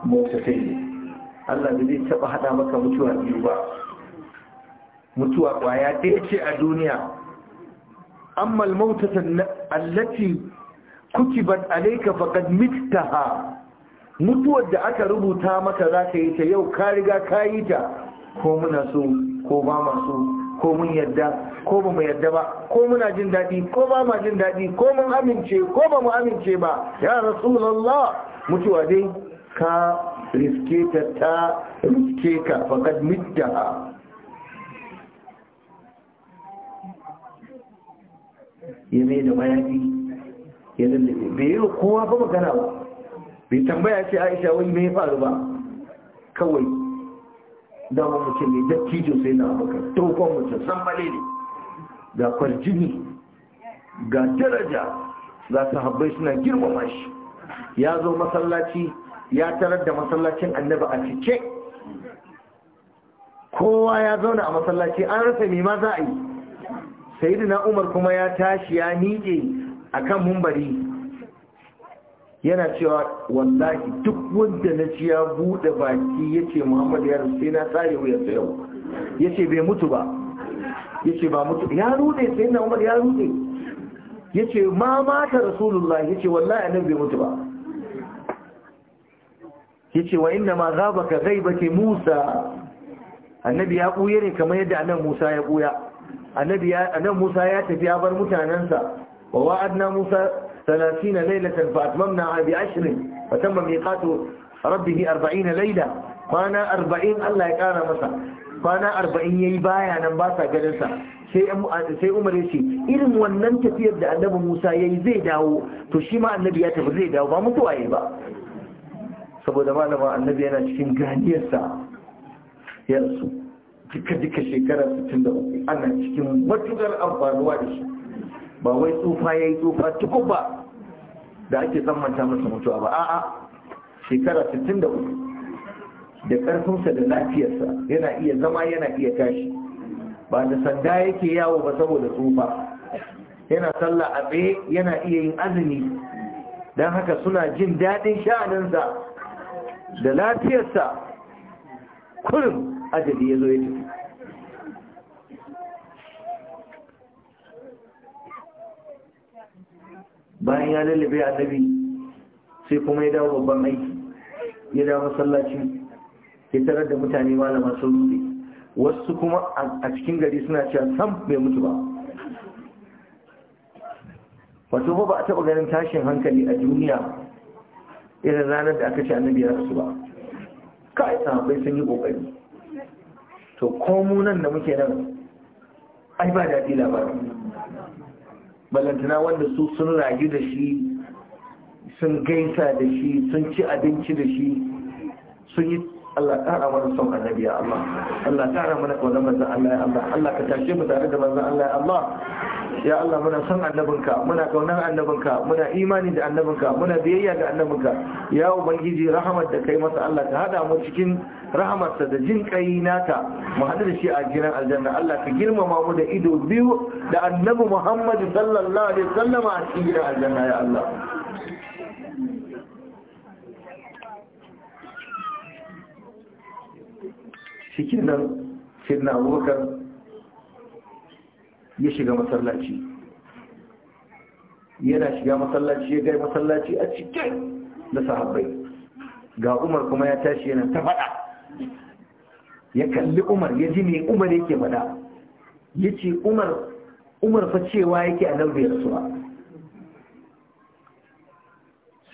motsa ta yi. Allah da zai taba hada maka mutuwa biyu ba mutuwa kwaya ɗaya ce a duniya amma kuki mawtatan allati kutibat alayka mita ha? mutuwar da aka rubuta maka za ka yi ta yau ka riga ka yi ta ko muna so ko ba masu ko mun yadda ko ba mu yarda ba ko muna jin daɗi ko ba ma jin daɗi ko mun amince ko ba mu amince ba ya rasulullah mutuwa dai ka riske ta ta riske ka faqad mitta ya mai da mayafi ya lallabe bai yi kowa ba magana ba bai tambaya ce aisha wai mai faru ba kawai damar mutum ne dattijo sai na abokan tokon mutum san male ne ga kwarjini ga daraja za su habbai suna girmama shi ya zo masallaci ya tarar da masallacin annaba a cike kowa ya zauna a masallaci an rasa ma za a yi sayidina umar kuma ya tashi ya niƙe a kan mumbari yana cewa wallahi duk wanda na ci ya buɗe baki ya ce muhammadu ya rasu sai na tsare wuyarsa yau ya ce bai mutu ba Ya ce ba mutu ya rude sai na umar ya rude Ya ce ma mata rasulullah ce wallahi annabi bai mutu ba Ya ce wa inna ma ghabaka ghaibati musa annabi ya buye ne kamar yadda annan musa ya buya annabi ya annabi musa ya tafi ya bar mutanansa wa wa'adna musa 30 laylatan fa atmamna bi 10 fa tamma miqatu rabbihi 40 layla kwana 40 Allah ya kara masa kwana arba'in ya yi baya nan ba sa ganinsa sai umar ya ce irin wannan tafiyar da annabi musa ya yi zai dawo to shi ma annabi ya tafi zai dawo ba mutuwa ya ba saboda malama annabi yana cikin ganiyarsa ya rasu duka duka shekara 63 ana cikin matukar amfanuwa da shi ba wai tsufa ya yi tsufa tukun ba da ake tsammanta masa mutuwa ba a'a shekara 63 da ƙarfinsa da lafiyarsa yana iya zama yana iya tashi ba da sanda yake yawo ba saboda tsufa yana sallah a tsaye yana iya yin azumi don haka suna jin daɗin sha'aninsa da lafiyarsa kurin ajali ya zo ya tafi bayan ya lallabe annabi sai kuma ya dawo babban aiki ya dawo masallaci ya tarar da mutane malama sun rufe wasu kuma a cikin gari suna cewa sam bai mutu ba wato ba a taɓa ganin tashin hankali a duniya irin ranar da aka ce annabi ya rasu ba kai sahabbai sun yi ƙoƙari to komunan da muke nan ai ba daɗi labarin balantana wanda su sun rayu da shi sun gaisa da shi sun ci abinci da shi sun yi Allah ƙara mana son annabi ya Allah Allah ƙara mana kaunar manzon Allah ya Allah Allah ka tashe mu tare da manzon Allah ya Allah ya Allah muna son annabinka muna kaunar annabinka muna imani da annabinka muna biyayya ga annabinka ya ubangiji rahamar da kai masa Allah ka hada mu cikin rahamarsa da jin kai naka mu hadu da shi a gidan aljanna Allah ka girmama mu da ido biyu da annabi Muhammad sallallahu alaihi wasallam a cikin gidan aljanna ya Allah shi nan sirna abubakar ya shiga masallaci yana shiga masallaci ya gai masallaci a cikin da sahabbai ga umar kuma ya tashi yana ta faɗa ya kalli umar ya ji mai umar yake faɗa ya ce umar umar fa cewa yake a nan biyar suwa ba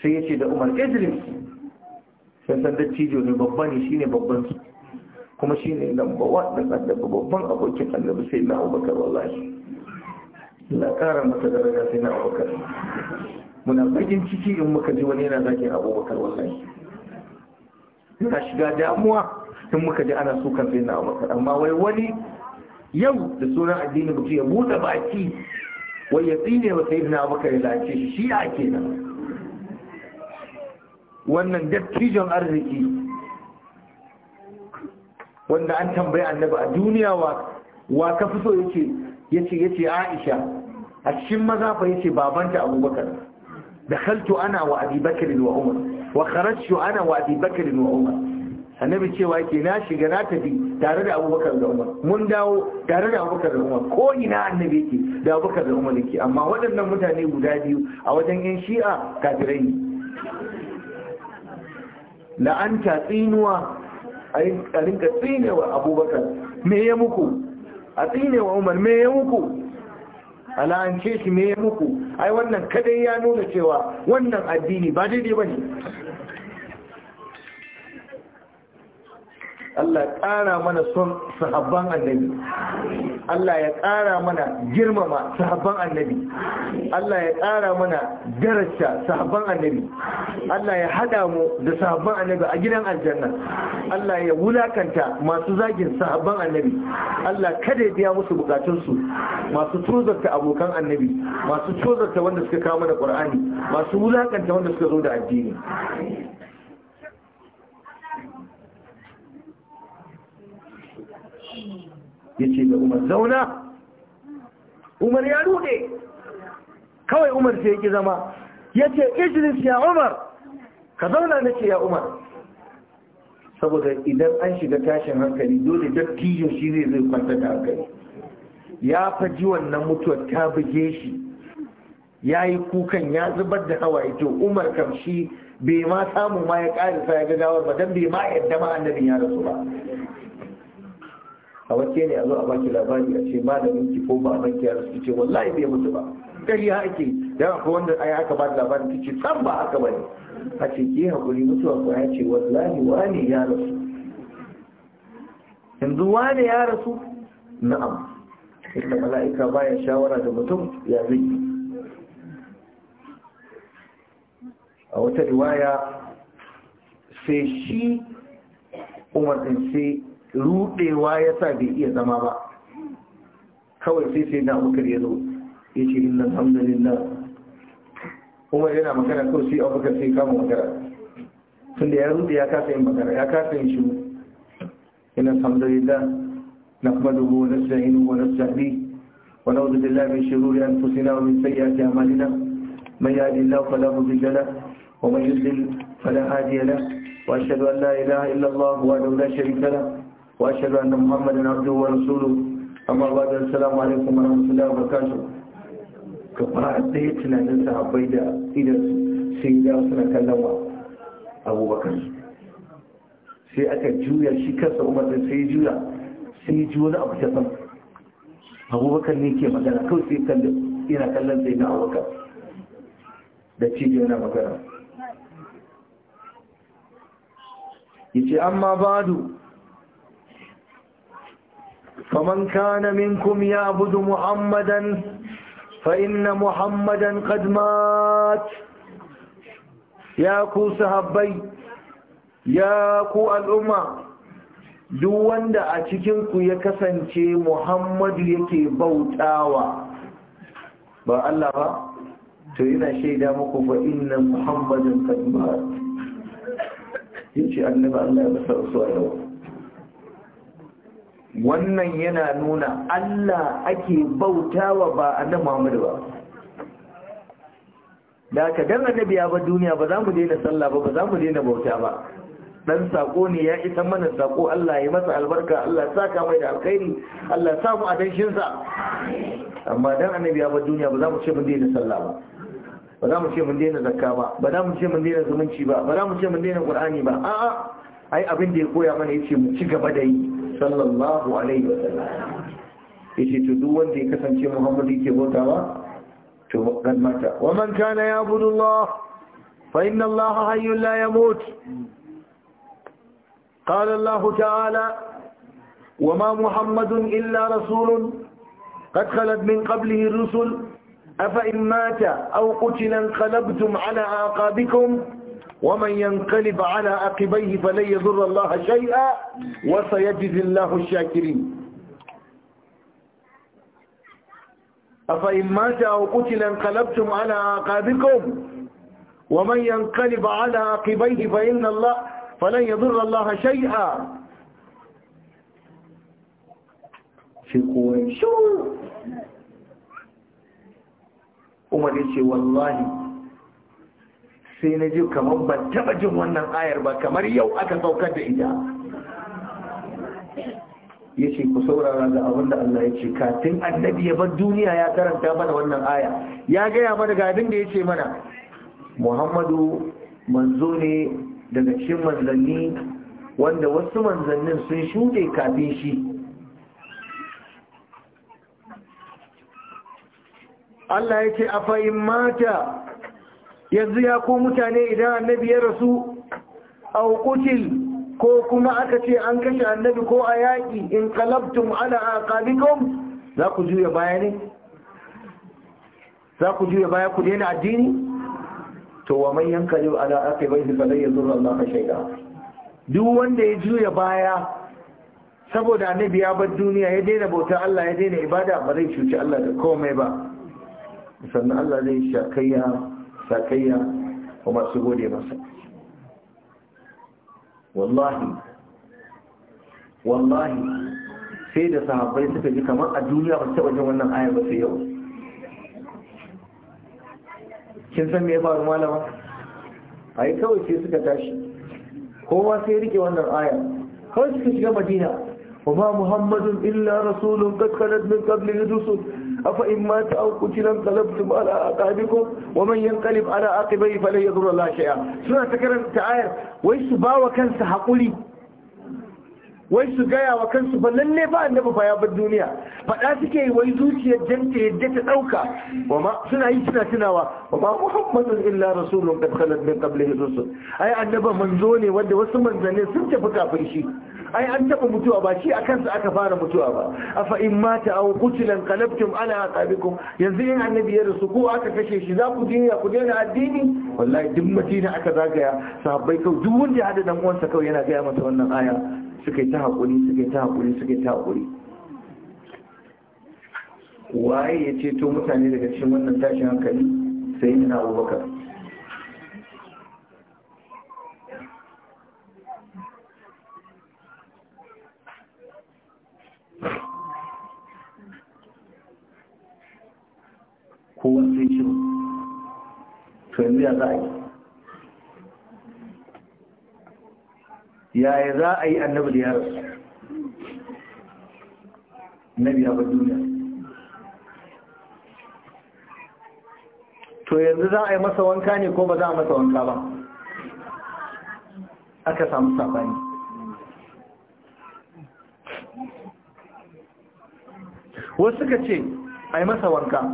sai ya ce da umar idris sai san dattijo ne babba ne babban su kuma shi ne lamba waɗin annabi babban abokin annabi sai na abubakar wallahi na ƙara masa daraja sai na abubakar muna bakin ciki in muka ji wani yana zakin abubakar wallahi na shiga damuwa in muka ji ana sukan sai na abubakar amma wai wani yau da sunan addini mutu ya buɗe baki wai ya tsine wa sai na abubakar ya lace shi ake kenan wannan dattijon arziki wanda an tambayi annabi a duniya wa ka fi so yace yace yace Aisha a cikin maza fa yace babanta Abubakar dakhaltu ana wa Abi Bakr wa Umar wa kharajtu ana wa Abi Bakr wa Umar annabi cewa yake na shiga na tafi tare da Abubakar da Umar mun dawo tare da Abubakar da Umar ko ina annabi yake da Abubakar da Umar yake amma waɗannan mutane guda biyu a wajen yan Shi'a kafirai ne la'anta tsinuwa a rinka tsinewa abubakar me ya muku a tsinewa umar me ya muku a la'ance shi me ya muku ai wannan kadai ya nuna cewa wannan addini ba daidai ba ne Allah ƙara mana son sahabban annabi Allah ya ƙara mana girmama sahabban annabi Allah ya ƙara mana daraja sahabban annabi Allah ya hada mu da sahabban annabi a gidan aljanna Allah ya wulakanta masu zagin sahabban annabi Allah kada ya biya musu bukatunsu masu tozarta abokan annabi masu tozarta wanda suka kawo mana ƙwar'ani masu wulakanta wanda suka zo da addini ya ce ga umar zauna umar ya rude kawai umar sai yake zama ya ce ijilis ya umar ka zauna na ce ya umar saboda idan an shiga tashin hankali dole dattijo shi zai zai kwanta da hankali ya faji wannan mutuwar ta buge shi ya yi kukan ya zubar da hawaye to umar kamshi bai ma samu ma ya karisa ya gagawar ba don bai ma yadda ma annabin ya rasu ba a wace ne a zo a baki labari a ce da ki ko ba a baki ya rasu ce wallahi bai mutu ba ya ake ya ko wanda ai aka ba da labarin ta ce san ba aka bane a ce ke hakuri mutuwa ko ya ce wallahi wani ya rasu yanzu wani ya rasu na'am inda mala'ika baya shawara da mutum ya zai a wata riwaya sai shi umar din sai rudewa ya sa bai iya zama ba kawai sai sai na abubakar ya zo ya ce inna hamdulillah kuma yana makara kawai sai abubakar sai kama makara tun da ya rude ya kasa yin makara ya kasa yin shi inna hamdulillah na kuma dubu wani sahihu wani sahihu wani wadda da lami shiru ya fusi na wani sayya ta malina mai yadi lau fala mubi jala wa mai yuzil fala hajiya na wa shaɗu an la ilaha illallah wa daula shari'a وأشهد أن محمدا عبده ورسوله أما بعد السلام عليكم ورحمة الله وبركاته kamar a tsaye tunanin sahabbai da idan sai da suna kallon wa abubakar sai aka juya shi kansa umar da sai juya sai ji wani abu ta san abubakar ne ke magana kawai sai kallon yana kallon sai na abubakar da cijo yana magana yace amma badu فمن كان منكم يعبد محمدا فإن محمدا قد مات يا كو صحابي يا كو الأمة duk wanda a cikinku ya kasance muhammadu yake bautawa ba Allah ba to yana shaida muku fa inna muhammadin kadmat yace annabi Allah ya masa rasuwa yau wannan yana nuna Allah ake bautawa ba nan Muhammadu ba da aka dan annabi ya ba duniya ba za mu daina sallah ba ba za mu daina bauta ba dan sako ne ya isa mana sako Allah ya masa albarka Allah ya saka mai da alkhairi Allah ya sa mu adanshin sa amma dan annabi ya ba duniya ba za mu ce mun daina sallah ba ba za mu ce mun daina zakka ba ba za mu ce mun daina zumunci ba ba za mu ce mun daina qur'ani ba a'a ai abin da ya koya mana yace mu ci gaba da yi sallallahu alaihi wasallam yace to duk wanda ya kasance Muhammad yake bautawa to dan mata wa man kana ya'budu Allah fa inna Allah hayyun la yamut qala Allah ta'ala wa ma Muhammadun illa rasulun قد خلت من قبله الرسل أفإن مات أو قتل انقلبتم على عقابكم ومن ينقلب على عقبيه فلن يضر الله شيئا وسيجزي الله الشاكرين أفإن مات أو قتل انقلبتم على أعقابكم ومن ينقلب على عقبيه فإن الله فلن يضر الله شيئا في قوة شو وما والله sai na ji kamar ban taba jin wannan ayar ba kamar yau aka saukar da ita ya ce ku saurara ga abin da Allah ya ce kafin annabi ya bar duniya ya karanta mana wannan aya ya gaya mana ga abin da ya ce mana muhammadu manzo ne daga cikin manzanni wanda wasu manzannin sun shuɗe kafin shi Allah ya ce a yanzu ya ko mutane idan annabi ya rasu a qutil ko kuma aka ce an kashe annabi ko a yaƙi in ana a aqabikum za ku juya baya ne za ku juya baya ku daina addini to wa man yankalu ala aqibaihi zai yanzu yadurru maka shaida? duk wanda ya juya baya saboda annabi ya bar duniya ya daina bautar Allah ya daina ibada ba zai cuci Allah da komai ba sannan Allah zai shakayya sakayya kuma masu gode masa wallahi wallahi sai da sahabbai suka ji kamar a duniya ba taɓa jin wannan aya ba sai yau kin san me ya faru malama a yi kawai sai suka tashi kowa sai rike wannan aya kawai suka shiga madina wa ma muhammadun illa rasulun kaskanar min kabli rusul afa in mata aw qutilan qalabtum ala aqabikum wa man yanqalib ala aqibai falan yadurra la shay'a suna ta karanta ayar wai su bawa kansu hakuri wai su gaya wa kansu ba lalle ba annabi fa ya bar duniya faɗa suke yi wai zuciyar janta yadda ta ɗauka suna yi suna tunawa wa ma muhammadun illa rasulun qad khalat min qablihi rusul ai annaba manzo ne wanda wasu manzanni sun tafi kafin shi ai an taba mutuwa ba shi a kansa aka fara mutuwa ba afa in mata aw qutilan qalabtum ala aqabikum yanzu in annabi ya rasu ko aka kashe shi za ku dinga ku dena addini wallahi duk madina aka zagaya sahabbai kau, duk wanda ya hada dan uwansa kawai yana gaya masa wannan aya suka yi ta hakuri suka yi ta hakuri suka ta hakuri waye ya ceto mutane daga cikin wannan tashin hankali sai na abubakar kowa sai shi to yanzu ya za a yi yaya za a yi annabi da yaro annabi ya ba duniya to yanzu za a yi masa wanka ne ko ba za a masa wanka ba aka samu sabani wasu ka ce a yi masa wanka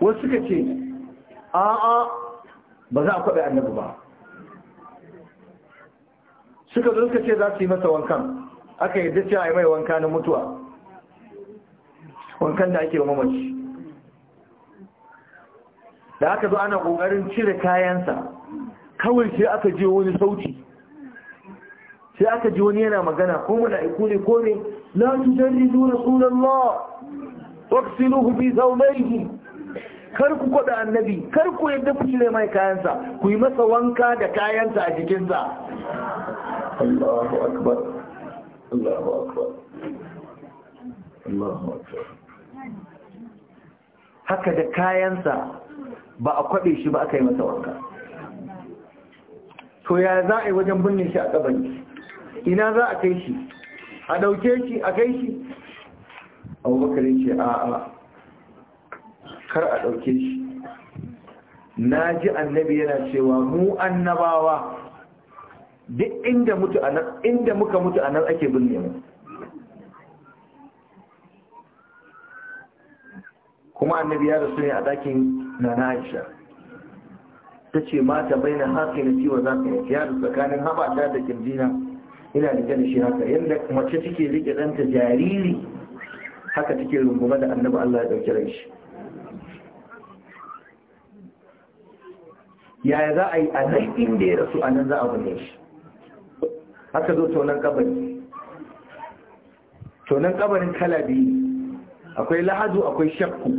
wasu suka ce a'a ba za a kwaɓe annabi ba suka zo suka ce za su yi masa wankan aka yi dace a yi mai wanka na mutuwa wankan da ake mamaci da aka zo ana ƙoƙarin cire kayansa kawai sai aka je wani sauti sai aka ji wani yana magana ko iku ne ko ne la tujarridu rasulullah waqsiluhu bi thawbayhi kar ku kwada annabi kar ku yadda ku cire mai kayansa ku yi masa wanka da kayansa a jikinsa Allahu akbar Allahu akbar Allahu akbar haka da kayansa ba a kwaɗe shi ba aka yi masa wanka to ya za a yi wajen binne shi a kabari ina za a kai shi a ɗauke shi a kai shi abubakar ce a'a kar a ɗauke shi na ji annabi yana cewa mu annabawa duk inda muka mutu a nan ake binne mu kuma annabi ya rasu ne a ɗakin na Aisha ta ce mata bai na haka na ciwo za ka yi tsakanin tsakanin ta da kirjina ina da gani shi haka yadda mace take riƙe ɗanta jariri haka take rungume da annabi Allah ya ɗauki ran shi yaya za a yi a nan inda ya rasu a nan za a bude shi haka zo tonan kabari tonan kabarin kala biyu akwai lahadu akwai shakku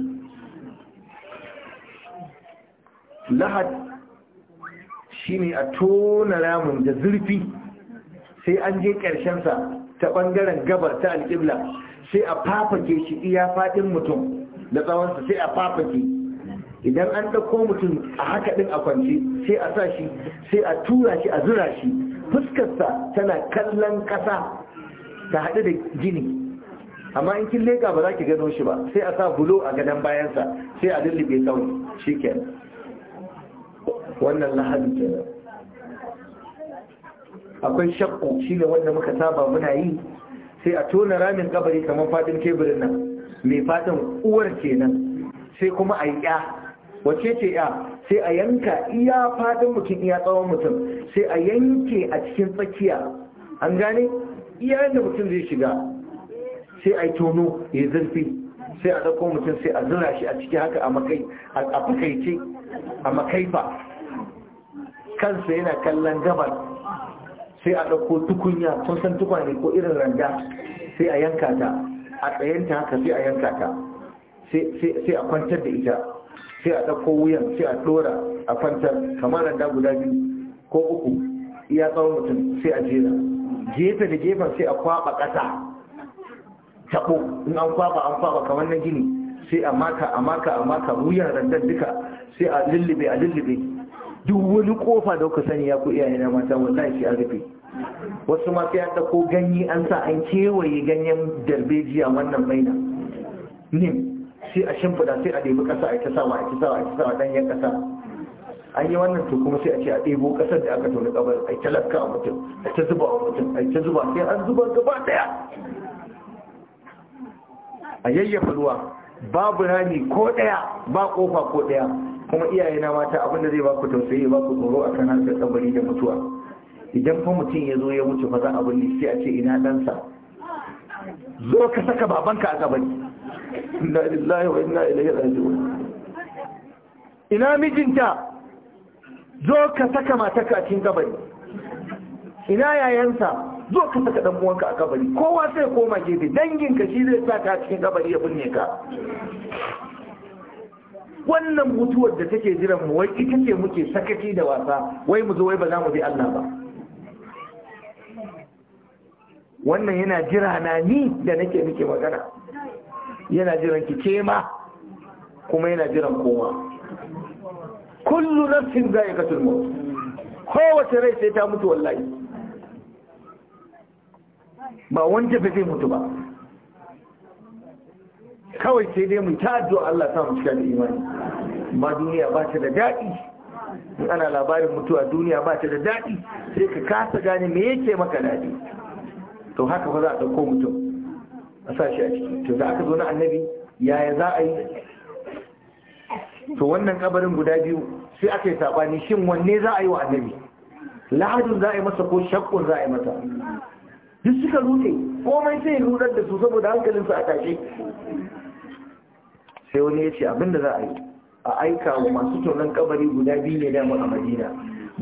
lahad ne a tona ramun da zurfi sai an je ƙarshensa ta ɓangaren gabar ta alƙibla sai a fafake shi iya faɗin mutum da tsawonsa sai a fafake idan an ɗauko mutum a haka ɗin a kwance sai a sa shi sai a tura shi a zura shi fuskarsa tana kallon ƙasa ta haɗu da gini amma in kin leƙa ba za ki gano shi ba sai a sa bulo a gadon bayansa sai a lullube tsawon shi ke wannan lahadi kenan akwai shakku shi ne wanda muka saba muna yi sai a tona ramin kabari kamar fadin teburin nan mai fadin uwar kenan sai kuma a yi ya wace ce ya sai a yanka iya fadin mutum iya tsawon mutum sai a yanke a cikin tsakiya an gane iya yadda mutum zai shiga sai a yi tono ya zurfi sai a ɗauko mutum sai a zura shi a ciki haka a makai a fakaice a makaifa kansa yana kallon gabar sai a ɗauko tukunya sun san tukwane ko irin randa sai a yanka ta a tsayanta haka sai a yanka ta sai a kwantar da ita sai a ɗauko wuyan sai a ɗora a fantar, kamar da guda biyu ko uku iya tsawon mutum sai a jera gefe da gefen sai a kwaba ƙasa taɓo in an kwaba an kwaba kamar na gini sai a maka a maka a maka wuyan randan duka sai a lullube a lullube duk wani kofa da kuka sani ya ku iyaye na mata wallahi sai an rufe wasu ma sai an ɗauko ganye an sa an kewaye ganyen darbejiya wannan maina nim sai a shimfida sai a ɗebi ƙasa a ta sama a ta sama a ta sama ɗanyen ƙasa an yi wannan to kuma sai a ce a ɗebo ƙasar da aka tauni ƙabar a ta lakka a mutum a ta zuba a mutum a ta zuba sai an zuba gaba ɗaya a yayyafa ruwa babu rani ko ɗaya ba ƙofa ko ɗaya kuma iyaye na mata abin da zai ba ku tausayi ba ku tsoro a kan harkar kabari da mutuwa idan fa mutum ya zo ya mutu fa za a binne sai a ce ina ɗansa zo ka saka babanka a ƙabari. inna lillahi wa inna ilaihi raji'un ina mijinta zo ka saka matarka a cikin gabari. ina yayansa zo ka saka dan uwanka a gabari. kowa sai koma gefe danginka shi zai saka a cikin gabari ya binne ka wannan mutuwar da take jiran mu wai ita ce muke sakaci da wasa wai mu zo wai ba za mu bi Allah ba wannan yana jira na ni da nake muke magana yana jiran ki ke kuma yana jiran kowa kullu nafsin za'iqatul maut kowace rai sai ta mutu wallahi ba wanda ba zai mutu ba kawai sai dai mu ta addu'a Allah ta mu cika da imani ba duniya ba ta da dadi. in ana labarin mutuwa duniya ba ta da dadi. sai ka kasa gane me yake maka dadi. to haka fa za a ɗauko mutum a sashi a ciki to da aka zo na annabi yaya za a yi to wannan kabarin guda biyu sai aka yi sabani shin wanne za a yi wa annabi lahadin za a yi masa ko shakkun za a yi masa duk suka rute komai sai ya rudar da su saboda hankalinsu a tashe sai wani ya ce abinda za a yi a aika masu tonon kabari guda biyu ne mu a madina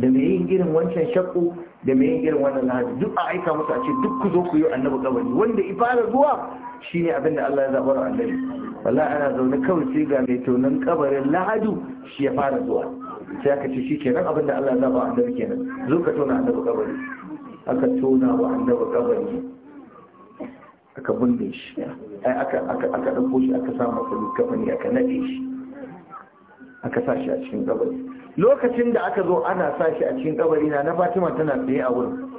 da mai yin irin wancan shakku da mai yin irin wannan lahadi duk a aika musu a ce duk ku zo ku yi annabi kabari wanda ifara zuwa shine abin da Allah ya zaba wa annabi wallahi ana zaune kawai sai ga mai tonan kabarin lahadu shi ya fara zuwa sai aka ce shikenan abin da Allah ya zaba wa annabi kenan zo ka tona annabi kabari aka tona wa annabi kabari aka bunne shi ai aka aka aka dauko shi aka sa masa kafani aka nade shi aka sa shi a cikin kabari lokacin da aka zo ana sa shi a cikin kabari na fatima tana tsaye a wurin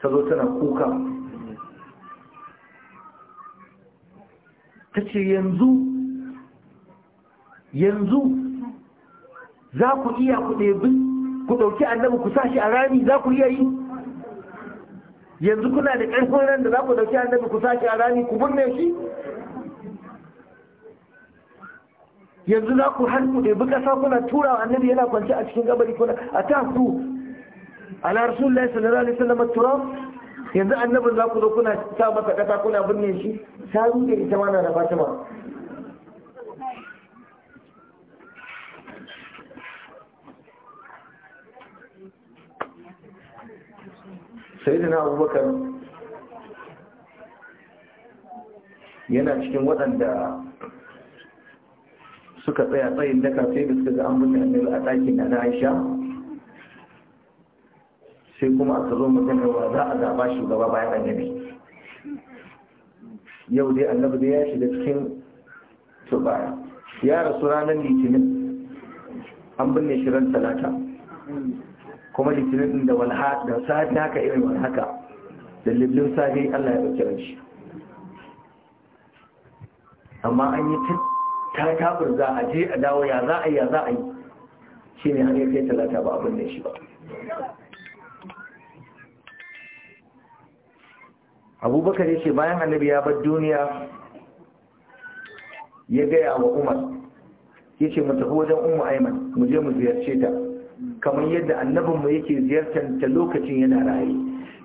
ta zo tana kuka ta ce yanzu yanzu za ku iya ku ɗebi ku ɗauki annabi ku sa shi a rami za ku iya yi yanzu kuna da ƙarfin ran da za ku ɗauki annabi ku sa shi a rami ku binne shi yanzu za ku hannu ɗebi ƙasa kuna tura wa annabi yana kwanci a cikin gabari kuna a ta ku ala lai sanarar alaihi na matura yanzu annabin za ku zo kuna sa masa ƙasa kuna binne shi ta ruɗe ita ma na da fatima abubakar yana cikin waɗanda suka tsaya tsayin daga sai da suka ga an mutu annabi a ɗakin da na aisha sai kuma aka zo maganar wa za a shi shugaba bayan annabi yau dai annabi dai ya shiga cikin tubaya ya rasu ranar litinin an binne shirin talata kuma litinin da walha da safi haka irin wani haka da liblin safe allah ya ɗauki ranshi amma an yi ta kafin za a je a dawo ya za a yi ya za a yi shi ne hanyar kai talata ba abin da shi ba abubakar ya ce bayan annabi ya bar duniya ya gaya wa umar ya ce mu tafi wajen umar aiman mu je mu ziyarce ta kamar yadda annabinmu yake ziyartar ta lokacin yana raye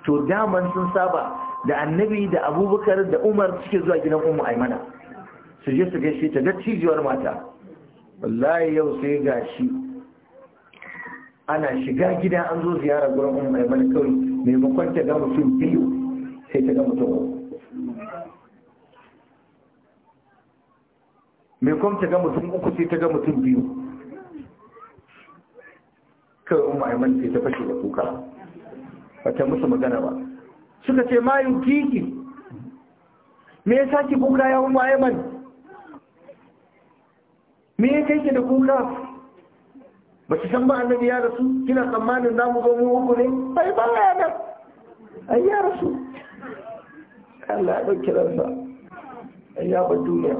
to daman sun saba da annabi da abubakar da umar suke zuwa gidan umar aimana su je su gaishe ta dattijuwar mata wallahi yau sai ga shi ana shiga gida an zo ziyara gurin umar mai kai maimakon ta ga mutum biyu sai ta ga mutum maimakon ta ga mutum uku sai ta ga mutum biyu kawai umar mai sai ta fashe da kuka ba ta musu magana ba suka ce mayu kiki me yasa ki kuka ya umar aiman me ya kai ki da kuka ba ki san ba annabi ya rasu kina tsammanin za mu zo mu uku ne bai ba ya nan ai ya rasu Allah ya ɗauki ransa ai ya ba duniya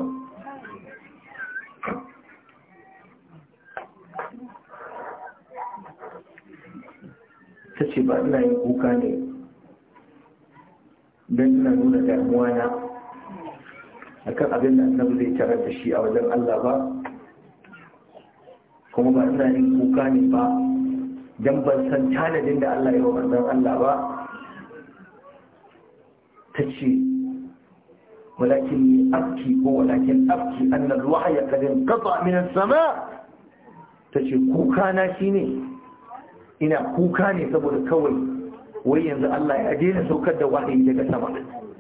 ta ce ba ina yin kuka ne don ina nuna damuwa na akan abin da annabi zai tarar da shi a wajen Allah ba kuma ba ina yin kuka ne ba don ban san tanadin da Allah ya wa manzon Allah ba ta ce walakin ni afki ko walakin afki annal ruwa kadin qata min as-sama ta ce kuka na shine ina kuka ne saboda kawai wai yanzu Allah ya daina saukar da wahayi daga sama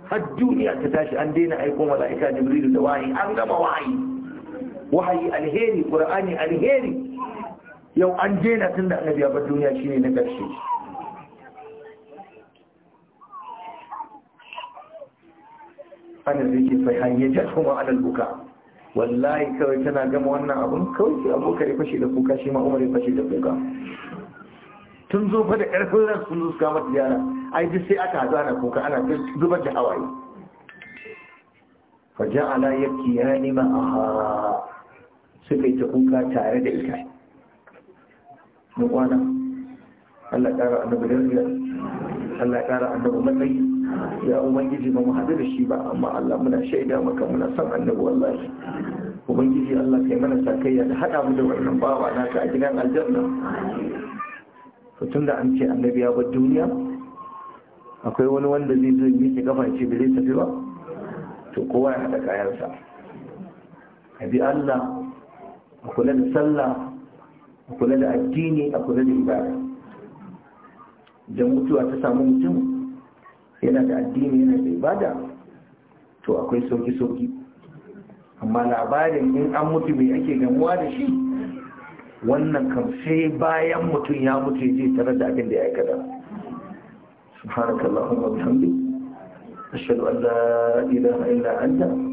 har duniya ta tashi an daina aiko mala'ika jibril da wahayi an gama wahayi wahayi alheri qur'ani alheri yau an daina tun da annabi ya duniya shine na ƙarshe ana zai ke fai hanyar kuma alal buka wallahi kawai tana gama wannan abun kawai abokan ya fashe da kuka shi ma umar ya fashe da kuka tun zo fa da ƙarfin ran sun zo mata kama ai duk sai aka haɗu ana kuka ana zubar da hawaye fa ja'ala yabkiyani ma'aha suka yi ta kuka tare da ita mu kwana Allah ƙara annabi daraja Allah ƙara annabi matsayi ya ubangiji ba mu haɗu da shi ba amma Allah muna shaida maka muna son annabi wallahi ubangiji Allah kai mana kai da haɗa mu da wannan bawa naka a gidan aljanna to tun da an ce annabi ya bar duniya akwai wani wanda zai zo yi gafa ce zai tafi ba to kowa ya haɗa kayansa abi Allah a kula da sallah a kula da addini a kula da ibada idan mutuwa ta samu mutum yana da addini yana da ibada to akwai sauki-sauki amma labarin in an mutu mai ake gamuwa da shi wannan kam sai bayan mutum ya mutu je tare da abin da ya aikata subhanakallahumma bihamdik ashhadu an la ilaha illa anta